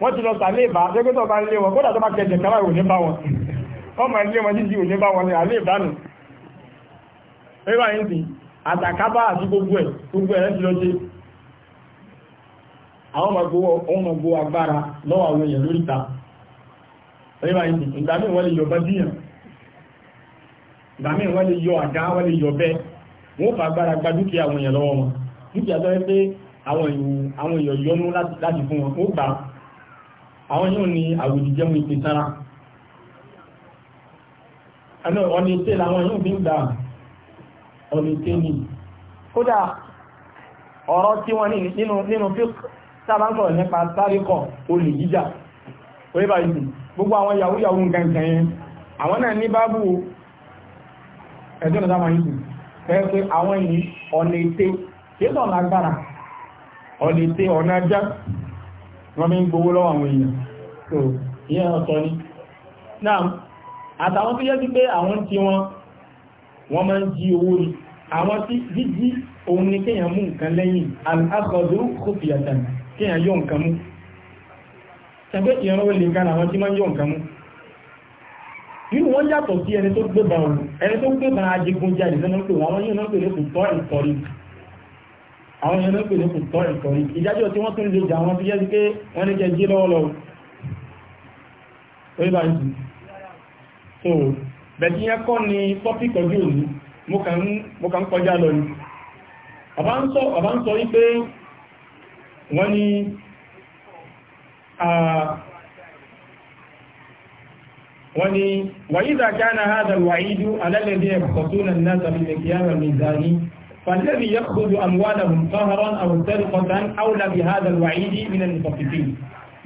wọ́n ti lọ sàlé ìbá tẹ́gbẹ́tọ̀ bá ilé wọn kódà tó bá kẹjẹ̀ kẹwàá ìwò ní bá wọn ọmọ ilé wọn jíjí ìwò ní bá wọn ní àlé ìbánu ẹgbà yìí ti àtàkábà àti gbogbo ẹ̀ gbogbo ẹ̀ ti lọ sí àwọn ọmọgbó agbára lọ́wọ́ àwọn èèyàn lórí ta ẹgbà yìí ti ìgbà míì wọ́n lè yọ bẹ́díyàn ìgbà míì wọ́n lè yọ àdá wọ́n lè yọ bẹ́ wọ́n fà agbára gba dúkìá àwọn èèyàn lọ́wọ́ wọn dúkìá tó yẹ pé àwọn èèyàn yọnu láti fún wọn ó gbà àwọn yóò ní àwòjíjẹ́ mú ìpè sára ọ̀nà ìpè làwọn yóò fi ń gbà ọ̀nà ìpè ni kódà ọ̀rọ̀ tí wọ́n ní nínú fík sábánkọ̀ nípa sáríkọ̀ olè jíjà orí bá yìí gbogbo àwọn yahoo yahoo nǹkan yẹn àwọn náà ní bábù ẹ̀dọ́nà dáwọn yìí fẹ́ pé wọ́n bí ń gbowó lọ́wọ́ àwọn èèyàn so ìyẹn ọ̀tọ̀ ni náà àtàwọn tó yẹ́ sí pé àwọn tí wọ́n wọ́n máa ń jí owó ni àwọn tí jíjí òun ni kéèyàn mú nǹkan lẹ́yìn alákọ̀ọ́dọ́ kòfìyàtàn kéèyàn yọ nǹkan mú ṣẹgbẹ́ ìran olè gan àwọn tí máa ń yọ nǹkan mú àwọn èèyàn lọ́pẹ̀ ló kù tọ́ ìkọ̀rí ìdájọ́ tí wọ́n tún lè jà wọn fi jẹ́ sí pé wọ́n lè jẹ jí lọ́wọ́lọ́wọ́ orí bá yìí so bẹ̀tí yẹn kọ́ ni tọ́pìkì ọjọ́ òní mo kàn ń kọjá lọ ni bàbá ń sọ wípé wọ́n ni wọ́n ni wàyí zàkánà hádà wàyí dú alẹ́lẹ́dẹ́ ẹ̀kọ́ tó nà ní فالذي يأخذ أموالهم قهرا أو سرقة أولى بهذا الوعيد من المتصفين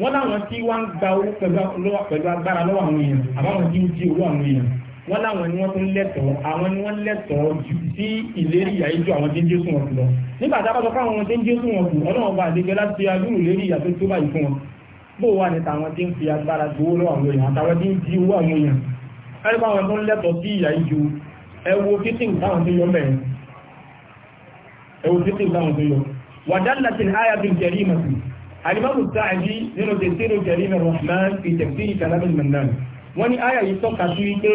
wọ́n láwọn tí wọ́n ń gba owó pẹ̀lú agbára lọ́wọ́ àwọn èèyàn àbáwọn tí ń jí owó àwọn èèyàn wọ́n láwọn ni wọ́n tún lẹ́tọ̀ọ́ àwọn ni wọ́n lẹ́tọ̀ọ́ jù sí ìlérí ìyà ìjọ àwọn tí ń jésù wọn lọ nígbà tá a bá sọ fáwọn tí ń jésù wọn kù ọlọ́wọ́n bá àdéjọ láti adúrú lérí ìyà tó tó báyìí fún wọn bó wà ní tàwọn tí ń fi agbára gbowó lọ́wọ́ àwọn èèyàn àtàwọn tí ń jí owó àwọn èèyàn ẹni báwọn tó ń lẹ́tọ̀ọ́ sí ìyà ìjọ ẹ wo fífìn táwọn tó yọ mẹ́rin ẹ̀wọ̀n tí kìí láwọn tó yọ wàdálà tí àyà bí jẹ̀rí mà sí alimọ́bù sáàjì nínú tẹ̀síro jẹ̀rí mà rahman fi tẹ̀sí ìkàlábìn mannan wọ́n ní àyà yìí tọ́ka sí wípé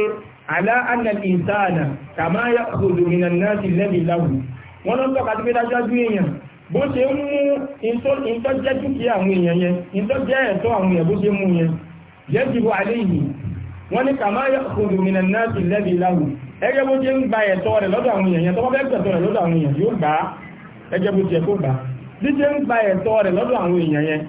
alá anna ìsáàna kàmá yà kòdò min an-nasi lẹ́bi láwù wọ́n ló tọ́ka sí pé dájú èèyàn bó ṣe ń mú ìtọ́ jẹ́ dúkìá àwọn èèyàn yẹn ìtọ́ jẹ́ ẹ̀tọ́ àwọn èèyàn bó ṣe mú yẹn yẹ́ jìbò àléyìn wọ́n ní kàmá yà kòdò min an lẹ́bi láwù ẹgẹ́ bó jẹ́ ń gba ẹ̀tọ́ rẹ̀ lọ́dọ̀ àwọn èèyàn tó bá fẹ́ gbẹ̀tọ́ rẹ̀ lọ́dọ̀ àwọn èèyàn yóò gbà á ẹgẹ́ bó jẹ́ kó gbà á bí jẹ́ ń gba ẹ̀tọ́ rẹ̀ lọ́dọ̀ àwọn èèyàn yẹn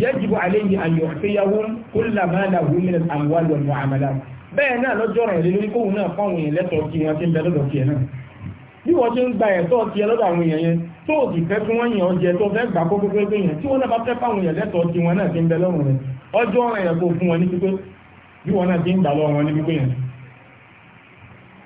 yajibu alayhi an yu'tiyahu kulla ma lahu min al-amwal wal mu'amalat bẹ́ẹ̀ náà lọ́jọ́ rẹ̀ lé lórí kóhun náà fáwọn èèyàn lẹ́tọ̀ọ́ kí wọ́n ti ń bẹ lọ́dọ̀ tiẹ̀ náà bí wọ́n ti ń gba ẹ̀tọ́ tiẹ̀ lọ́dọ̀ àwọn èèyàn yẹn tó o sì fẹ́ kí wọ́n yàn jẹ tó fẹ́ gbà kókó pé yẹn tí wọ́n náà bá fẹ́ fáwọn èèyàn lẹ́tọ̀ọ́ kí wọ́n náà ti ń bẹ lọ́rùn rẹ̀ ọjọ́ rẹ̀ yẹn fún wọn ní pípé bí wọ́n náà ti ń gbà lọ́rùn wọn ní pípé yẹn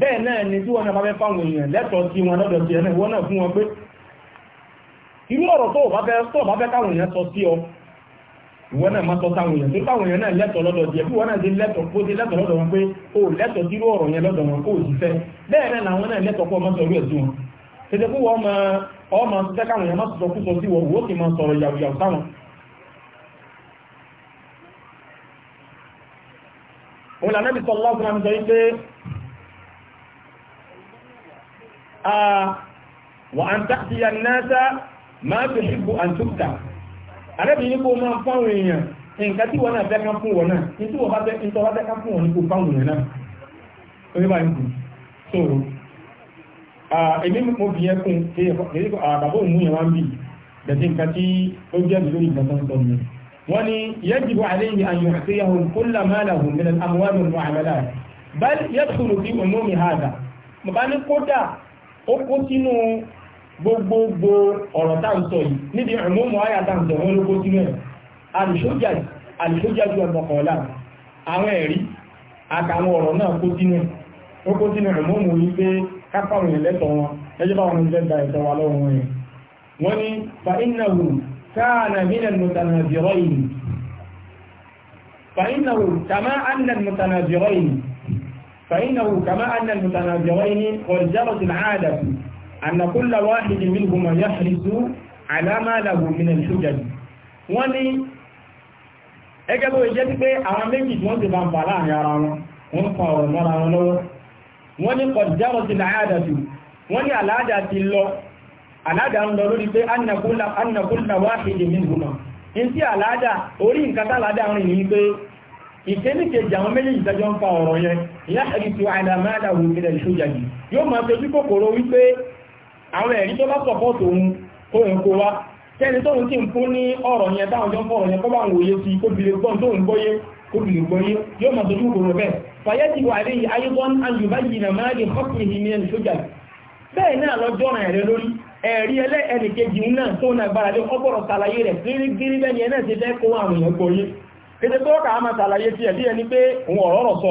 bẹ́ẹ̀ náà ni tí wọ́n náà bá fẹ́ fáwọn èèyàn lẹ́tọ̀ọ́ sí wọn lọ́dọ̀ sí ẹ̀nà ìwọ́n náà fún wọn pé irú ọ̀rọ̀ tó bá fẹ́ káwọn èèyàn sọ sí ọ ìwọ́n náà má sọ sáwọn èèyàn tó táwọn èèyàn náà lẹ́tọ̀ọ́ lọ́dọ̀ jẹ́ bí wọ́n náà ti lẹ́tọ̀ọ́ kó ti lẹ́tọ̀ọ́ lọ́dọ̀ wọn pé o lẹ́tọ̀ọ́ sí irú ọ̀rọ̀ yẹn lọ́dọ̀ wọn kó o sì fẹ́ bẹ́ẹ̀ náà làwọn náà lẹ́tọ̀ọ́ pọ̀ mọ́sọ̀rú ẹ̀ sí wọn tètè fún wọn ma ọ ma sọ káwọn èèyàn má sọ kú sọ sí wọn òwò sì máa sọ̀rọ̀ yàwùyàwù sáwọn òun lànà bí sọ lọ́sùn àmì sọ wípé wà á ń tàbí ànáta máa tó ṣubú àtúntà arábìnrin kò máa fáwọn èèyàn nǹkan tí wọn náà fẹ́ ká fún wọn náà ní tí wọn bá fẹ́ ní tí wọn bá fẹ́ ká fún wọn ní kò fáwọn èèyàn náà orí bá ń kù so èmi mo fi yẹ kún kéèké àbàbò òun yẹn wá ń bì dẹ̀tí nǹkan tí ó jẹ́ mi lórí ìgbàgbọ́n sọ mi wọ́n ní yajibu alayhi an yu'tiyahu kulla ma lahu min al-amwal wal mu'amalat bal yadkhulu fi umumi hadha mo bá ní kódà ó kó sínú gbogbogbò ọ̀rọ̀ táǹsọ̀ yìí níbi ìrìnmọ́mọ́ àyà táǹsọ̀ wọn ló kó sínú ẹ̀ alìṣójájú alìṣójájú ọmọkànlá àwọn ẹ̀rí àtàwọn ọ̀rọ̀ náà kó sínú ẹ̀ ó kó sínú ìrìnmọ́mọ́ yìí pé kápáwọn ìlẹ́tọ̀ wọn فإنه كما أن المتنازعين قد جرت العادة أن كل واحد منهما يحرص على ما له من الحجج wọ́n ní ẹgẹ́ bó jẹ́ pé àwọn méjì tí wọ́n ti bá ń bà láàrin ara wọn wọ́n fa ọ̀rọ̀ mọ́ra wọn lọ́wọ́ wọ́n ní qad jarat al-'aadatu wọ́n ní àlàádà ti lọ àlàádà ń lọ lórí pé anna kulla wahidin minhuma in tí àlàádà orí nǹkan tàlàádà rìn ní pé ìkéníkejì àwọn méjì ìtẹ́jọ́ ń fa ọ̀rọ̀ yẹn yáhàrìtì àìdàmáàdàwò ìrìnlẹ̀ ìṣòjàjì yóò máa tẹ́jú kòkòrò wípé àwọn ẹ̀rí tó bá sọ̀pọ̀tò ohun tó ń kó wá tẹ́ni tóhun tí ń fún ní ọ̀rọ̀ yẹn táwọn jọ fọ́rọ̀ yẹn kọ́bà wòye sí kóbìlẹ̀ gbọ́n tó ń gbọ́yé kóbìlẹ̀ gbọ́yé yóò máa tẹ́jú kòkòrò bẹ́ẹ̀ fàyẹ́tì wà rí ayébọ́n alùbáyì nà máa lè họ́pì ní ẹ̀rí ẹlẹ́ ẹnì náà tó náà gbára ọgbọ̀rọ̀ sàlàyé rẹ̀ gírígírí bẹ́ẹ̀ ni ẹ náà ti fẹ́ kó àwọn èèyàn gbọ́yé kété tó kà á máa sàlàyé tiẹ̀ bí ẹni pé òun ọ̀rọ̀ sọ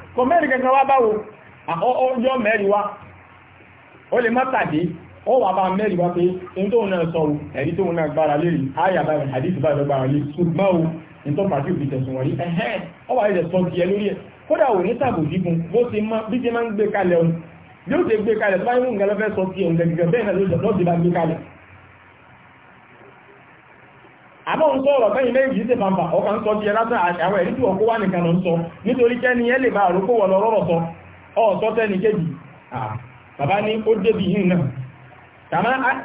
kò mẹ́rin kankan wá báwo ọjọ́ mẹ́rin wá ó lè má tàbí ó wà bá mẹ́rin wá pé in tó náà sọ ẹ̀rí tó náà gbára lérí ayà báyìí àdìsí báyìí gbára lérí ṣùgbọ́n o in tó pàtí òbí tẹ̀sùn wọ̀nyí ẹ̀hẹ́n ó wà ilẹ̀ sọ ti ẹ lórí ẹ̀ kódà ò ní tàbò dígun bó ti má bí ti máa ń gbé kalẹ̀ o bí ó ti gbé kalẹ̀ tó bá ń mú nǹkan lọ́fẹ́ sọ ti ẹ̀ ń gẹ̀gẹ̀ bẹ́ẹ̀ náà lọ́sibá gbé kalẹ̀ àbọ̀ ń sọ̀rọ̀ fẹ́yìn lẹ́yìn yìí ṣe bàbà ọkàn sọ di ẹlásà àwọn ẹ̀rí tí ọkọ̀ wà nìkan lọ sọ nítorí kẹ́ni ẹ lè bá àrókò wọ̀ lọ́rọ̀ sọ ọ̀sọ́ tẹ́ni kéjì bàbá ní ó débi yìí náà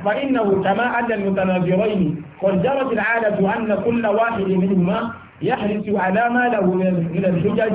fa innahu kama adal mutanazirain qad jarat al'adatu anna kulla wahidin minhuma yahrisu ala ma lahu min al-hujaj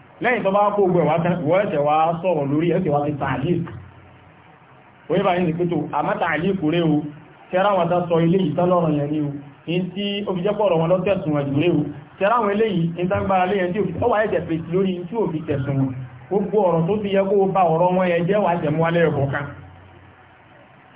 lẹ́yìn tó bá kó ogun ẹ̀wà ẹ̀ṣẹ̀ wá sọ̀rọ̀ lórí ẹ̀ṣẹ̀ wá ti tààlìk oye bá ní pẹ́tò àmá tààlìk rẹ̀ o tẹ́ráwọn tá sọ ilé yìí tọ́lọ́rọ̀ yẹn ní o tí ó fi ọ̀rọ̀ wọn lọ́tẹ̀sùn ti ba ọ̀rọ̀ wọn yẹn jẹ́ wà jẹ̀mú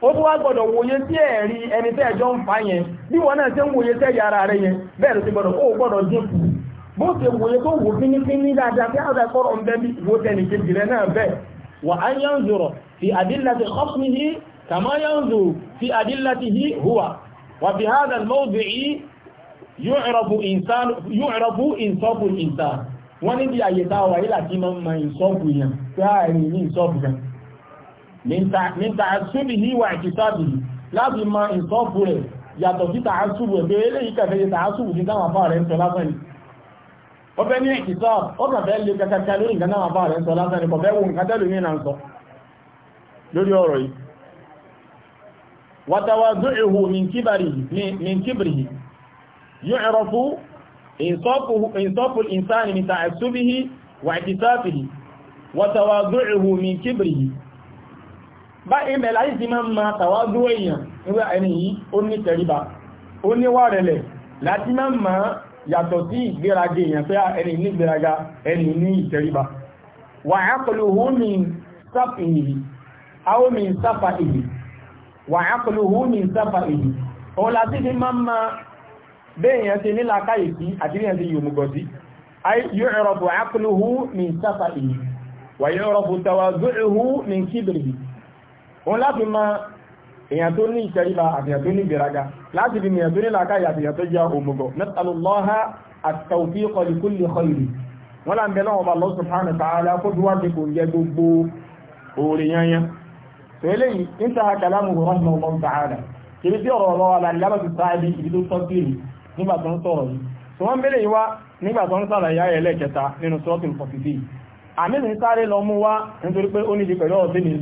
ó tún wá gbọ́dọ̀ wòye sí ẹ̀rí ẹni tẹ́ ẹjọ́ ń fa yẹn bí wọn náà ṣe ń wòye tẹ́yà ara rẹ yẹn bẹ́ẹ̀ ló ti gbọ́dọ̀ ó gbọ́dọ̀ dínkù bó ṣe wòye tó wò fínífíní dáadáa kí àwọn akọ́rọ̀ ń bẹ́ bí wo tẹnì kejì rẹ náà bẹ́ẹ̀ wà á yán zòrọ̀ fi adillati khasmihi kàmá yán zò fi adillatihi huwa wà fi hadha al-mawdi'i yu'rafu insanu yu'rafu insafu al-insan wọ́n àyè táwọn ayé láti máa ń ma ìsọ́ọ̀bù yẹn níta àṣírí ní ìwà ìkìtàbì láti ma ìsọ́pù rẹ̀ yàtọ̀ sí tààṣùbù ẹgbẹ́ eléyìí kẹfẹ́ tààṣùbù ní táwọn afá rẹ̀ ń sọ lásán ni ó ni kò fẹ́ wo nǹkan tẹ́lù ní ìnà ń sọ lórí ọ̀rọ̀ yìí wàtàwàzúhù min kíbrìhì yu'rafu ìsọ́pù min bá ibẹ̀ láyé ti máa ma tàwádó èèyàn nígbà ẹni yìí ó ní tẹríba ó níwà rẹ̀lẹ̀ láti máa ma yàtọ̀ sí ìgbéraga èèyàn pé ẹni ní ìgbéraga ẹni ní ìtẹríba wà ápùlùhù min sáfà ìlì àwọn min sáfà ìlì wà ápùlùhù min sáfà ìlì òun láti fi máa ma béèyàn kíbìrì òun láti mọ èèyàn tó ní ìtẹríba àfihàn tó ní ìgbéraga láti fi èèyàn tó ní làákà àfihàn tó jẹ́ òmùgọ̀ nẹ́tàlùlọ́ha àtàwùfí kọlùkúlù kọlù wọn là ń bẹ lọ́wọ́ Allah subhanahu wa ta'ala kó bí wá ti kò yẹ gbogbo òòrè yanyan tó eléyìí ń ta kàlámù rahimahullah ta'ala kìí bí ọ̀rọ̀ ọ̀rọ̀ alàlábàtí sáàbí ibi tó sọ́kìrì nígbà tó ń sọ̀rọ̀ yìí tó wọ́n mẹ́lẹ̀ yìí wá nígbà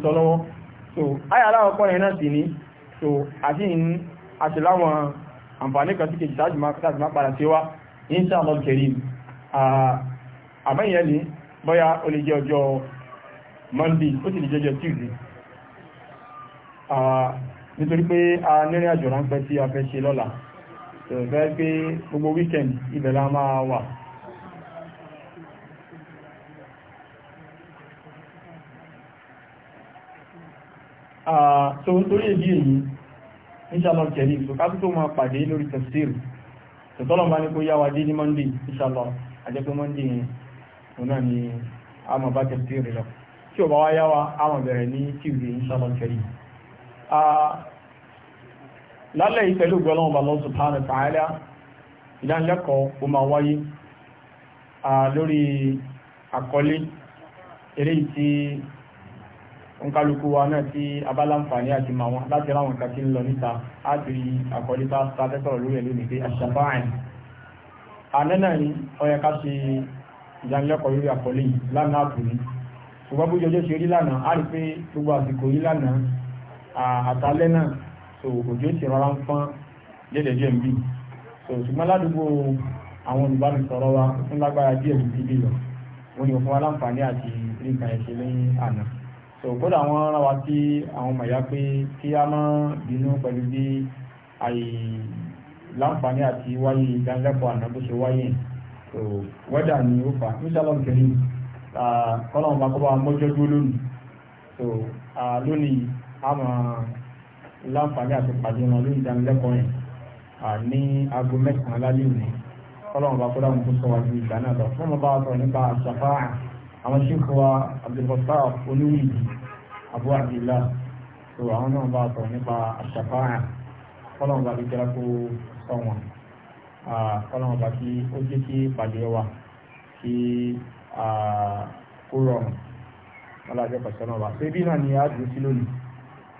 tó so ayà aláwọ̀ pọ́nà iná sí ní so àti ìní àti láwọn àǹfààní kan sí kejì tàbí máa padà sí wá insha Allah karim àmẹ́yẹ ní bọ́yá ó lè jẹ́ ọjọ́ monday ó sì lè jẹ́ ọjọ́ tuesday nítorí pé a nírìn àjò ránpẹ́ tí a fẹ́ ṣe Lola. so be pé gbogbo weekend ibẹ̀ la máa wà so nítorí èdè èyí inshallah kẹrin so ká tó máa pàdé lórí tafsir so tọ́lọ̀ bá ní kó yá wa dé ní monday inshallah àjẹ́pẹ́ monday yẹn náà ni a máa bá tafsir lọ tí ò bá wá yá wa a máa bẹ̀rẹ̀ ní tuesday inshallah kẹrin lálẹ́ ìpẹ̀lú gbọ́lọ́wọ́ bá Allah subhanahu wa ta'ala ìdánilẹ́kọ̀ọ́ o máa wáyé lórí àkọlé eré tí nkálukú wa náà tí abáláǹfààní àti màá wọn láti ráwọn nǹkan tí ń lọ níta á ti rí àkọlé bá sáfẹ́ sọ̀rọ̀ lórí ẹ̀ lónìí pé àṣàfáàìn àná náà ni ó yẹ ká ṣe ìdánilẹ́kọ̀ọ́ lórí àkọlé yìí lánàá àbùrí ṣùgbọ́n bó ṣe rí lánàá á rí pé gbogbo àsìkò yìí lánàá àtàlẹ́ náà so òjò ti rọra ń pọ́n dédéjé ń bì so ṣùgbọ́n ládùúgbò àwọn olùbánisọ̀rọ̀ wa fún lágbára díẹ̀ ju bíbí lọ wọn ni òfin wa láǹfààní àti nǹkan ẹ̀ṣẹ̀ lẹ́yìn àná so kódà wọ́n rán wa sí àwọn ọmọ ìyá pé kí a má bínú pẹ̀lú bí àìláǹfààní àti wáyé ìdánilẹ́kọ̀ọ́ àná bó ṣe wáyé so wẹ́dà ni ó fà ní sálọ́m kẹrin kọ́nà ọba kọ́ bá mọ́jọ́ dúró lónìí so lónìí a mọ̀ láǹfààní àti pàdé wọn lórí ìdánilẹ́kọ̀ọ́ yẹn ní aago mẹ́sàn-án lálẹ́ òní kọ́nà ọba kọ́ dáhùn sọ wájú ìgbà náà lọ fún ọba sọ̀rọ̀ nípa àṣàfáà àwọn ṣèkọ̀ọ́ Abdulbasar olórí yìí abu abdullah tó àwọn náà bá sọ̀rọ̀ nípa àṣàfáà kọ́lọ́n bá fi jẹ́ra kó sọ wọn kọ́lọ́n bá kí ó jẹ́ kí pàdé wa kí kó rọrùn alájọ pàṣẹ náà wá. ṣé bí náà ni a sí lónìí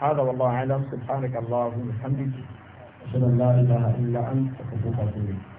هذا والله أعلم سبحانك اللهم وبحمدك أشهد أن لا إله إلا أنت أستغفرك وأتوب إليك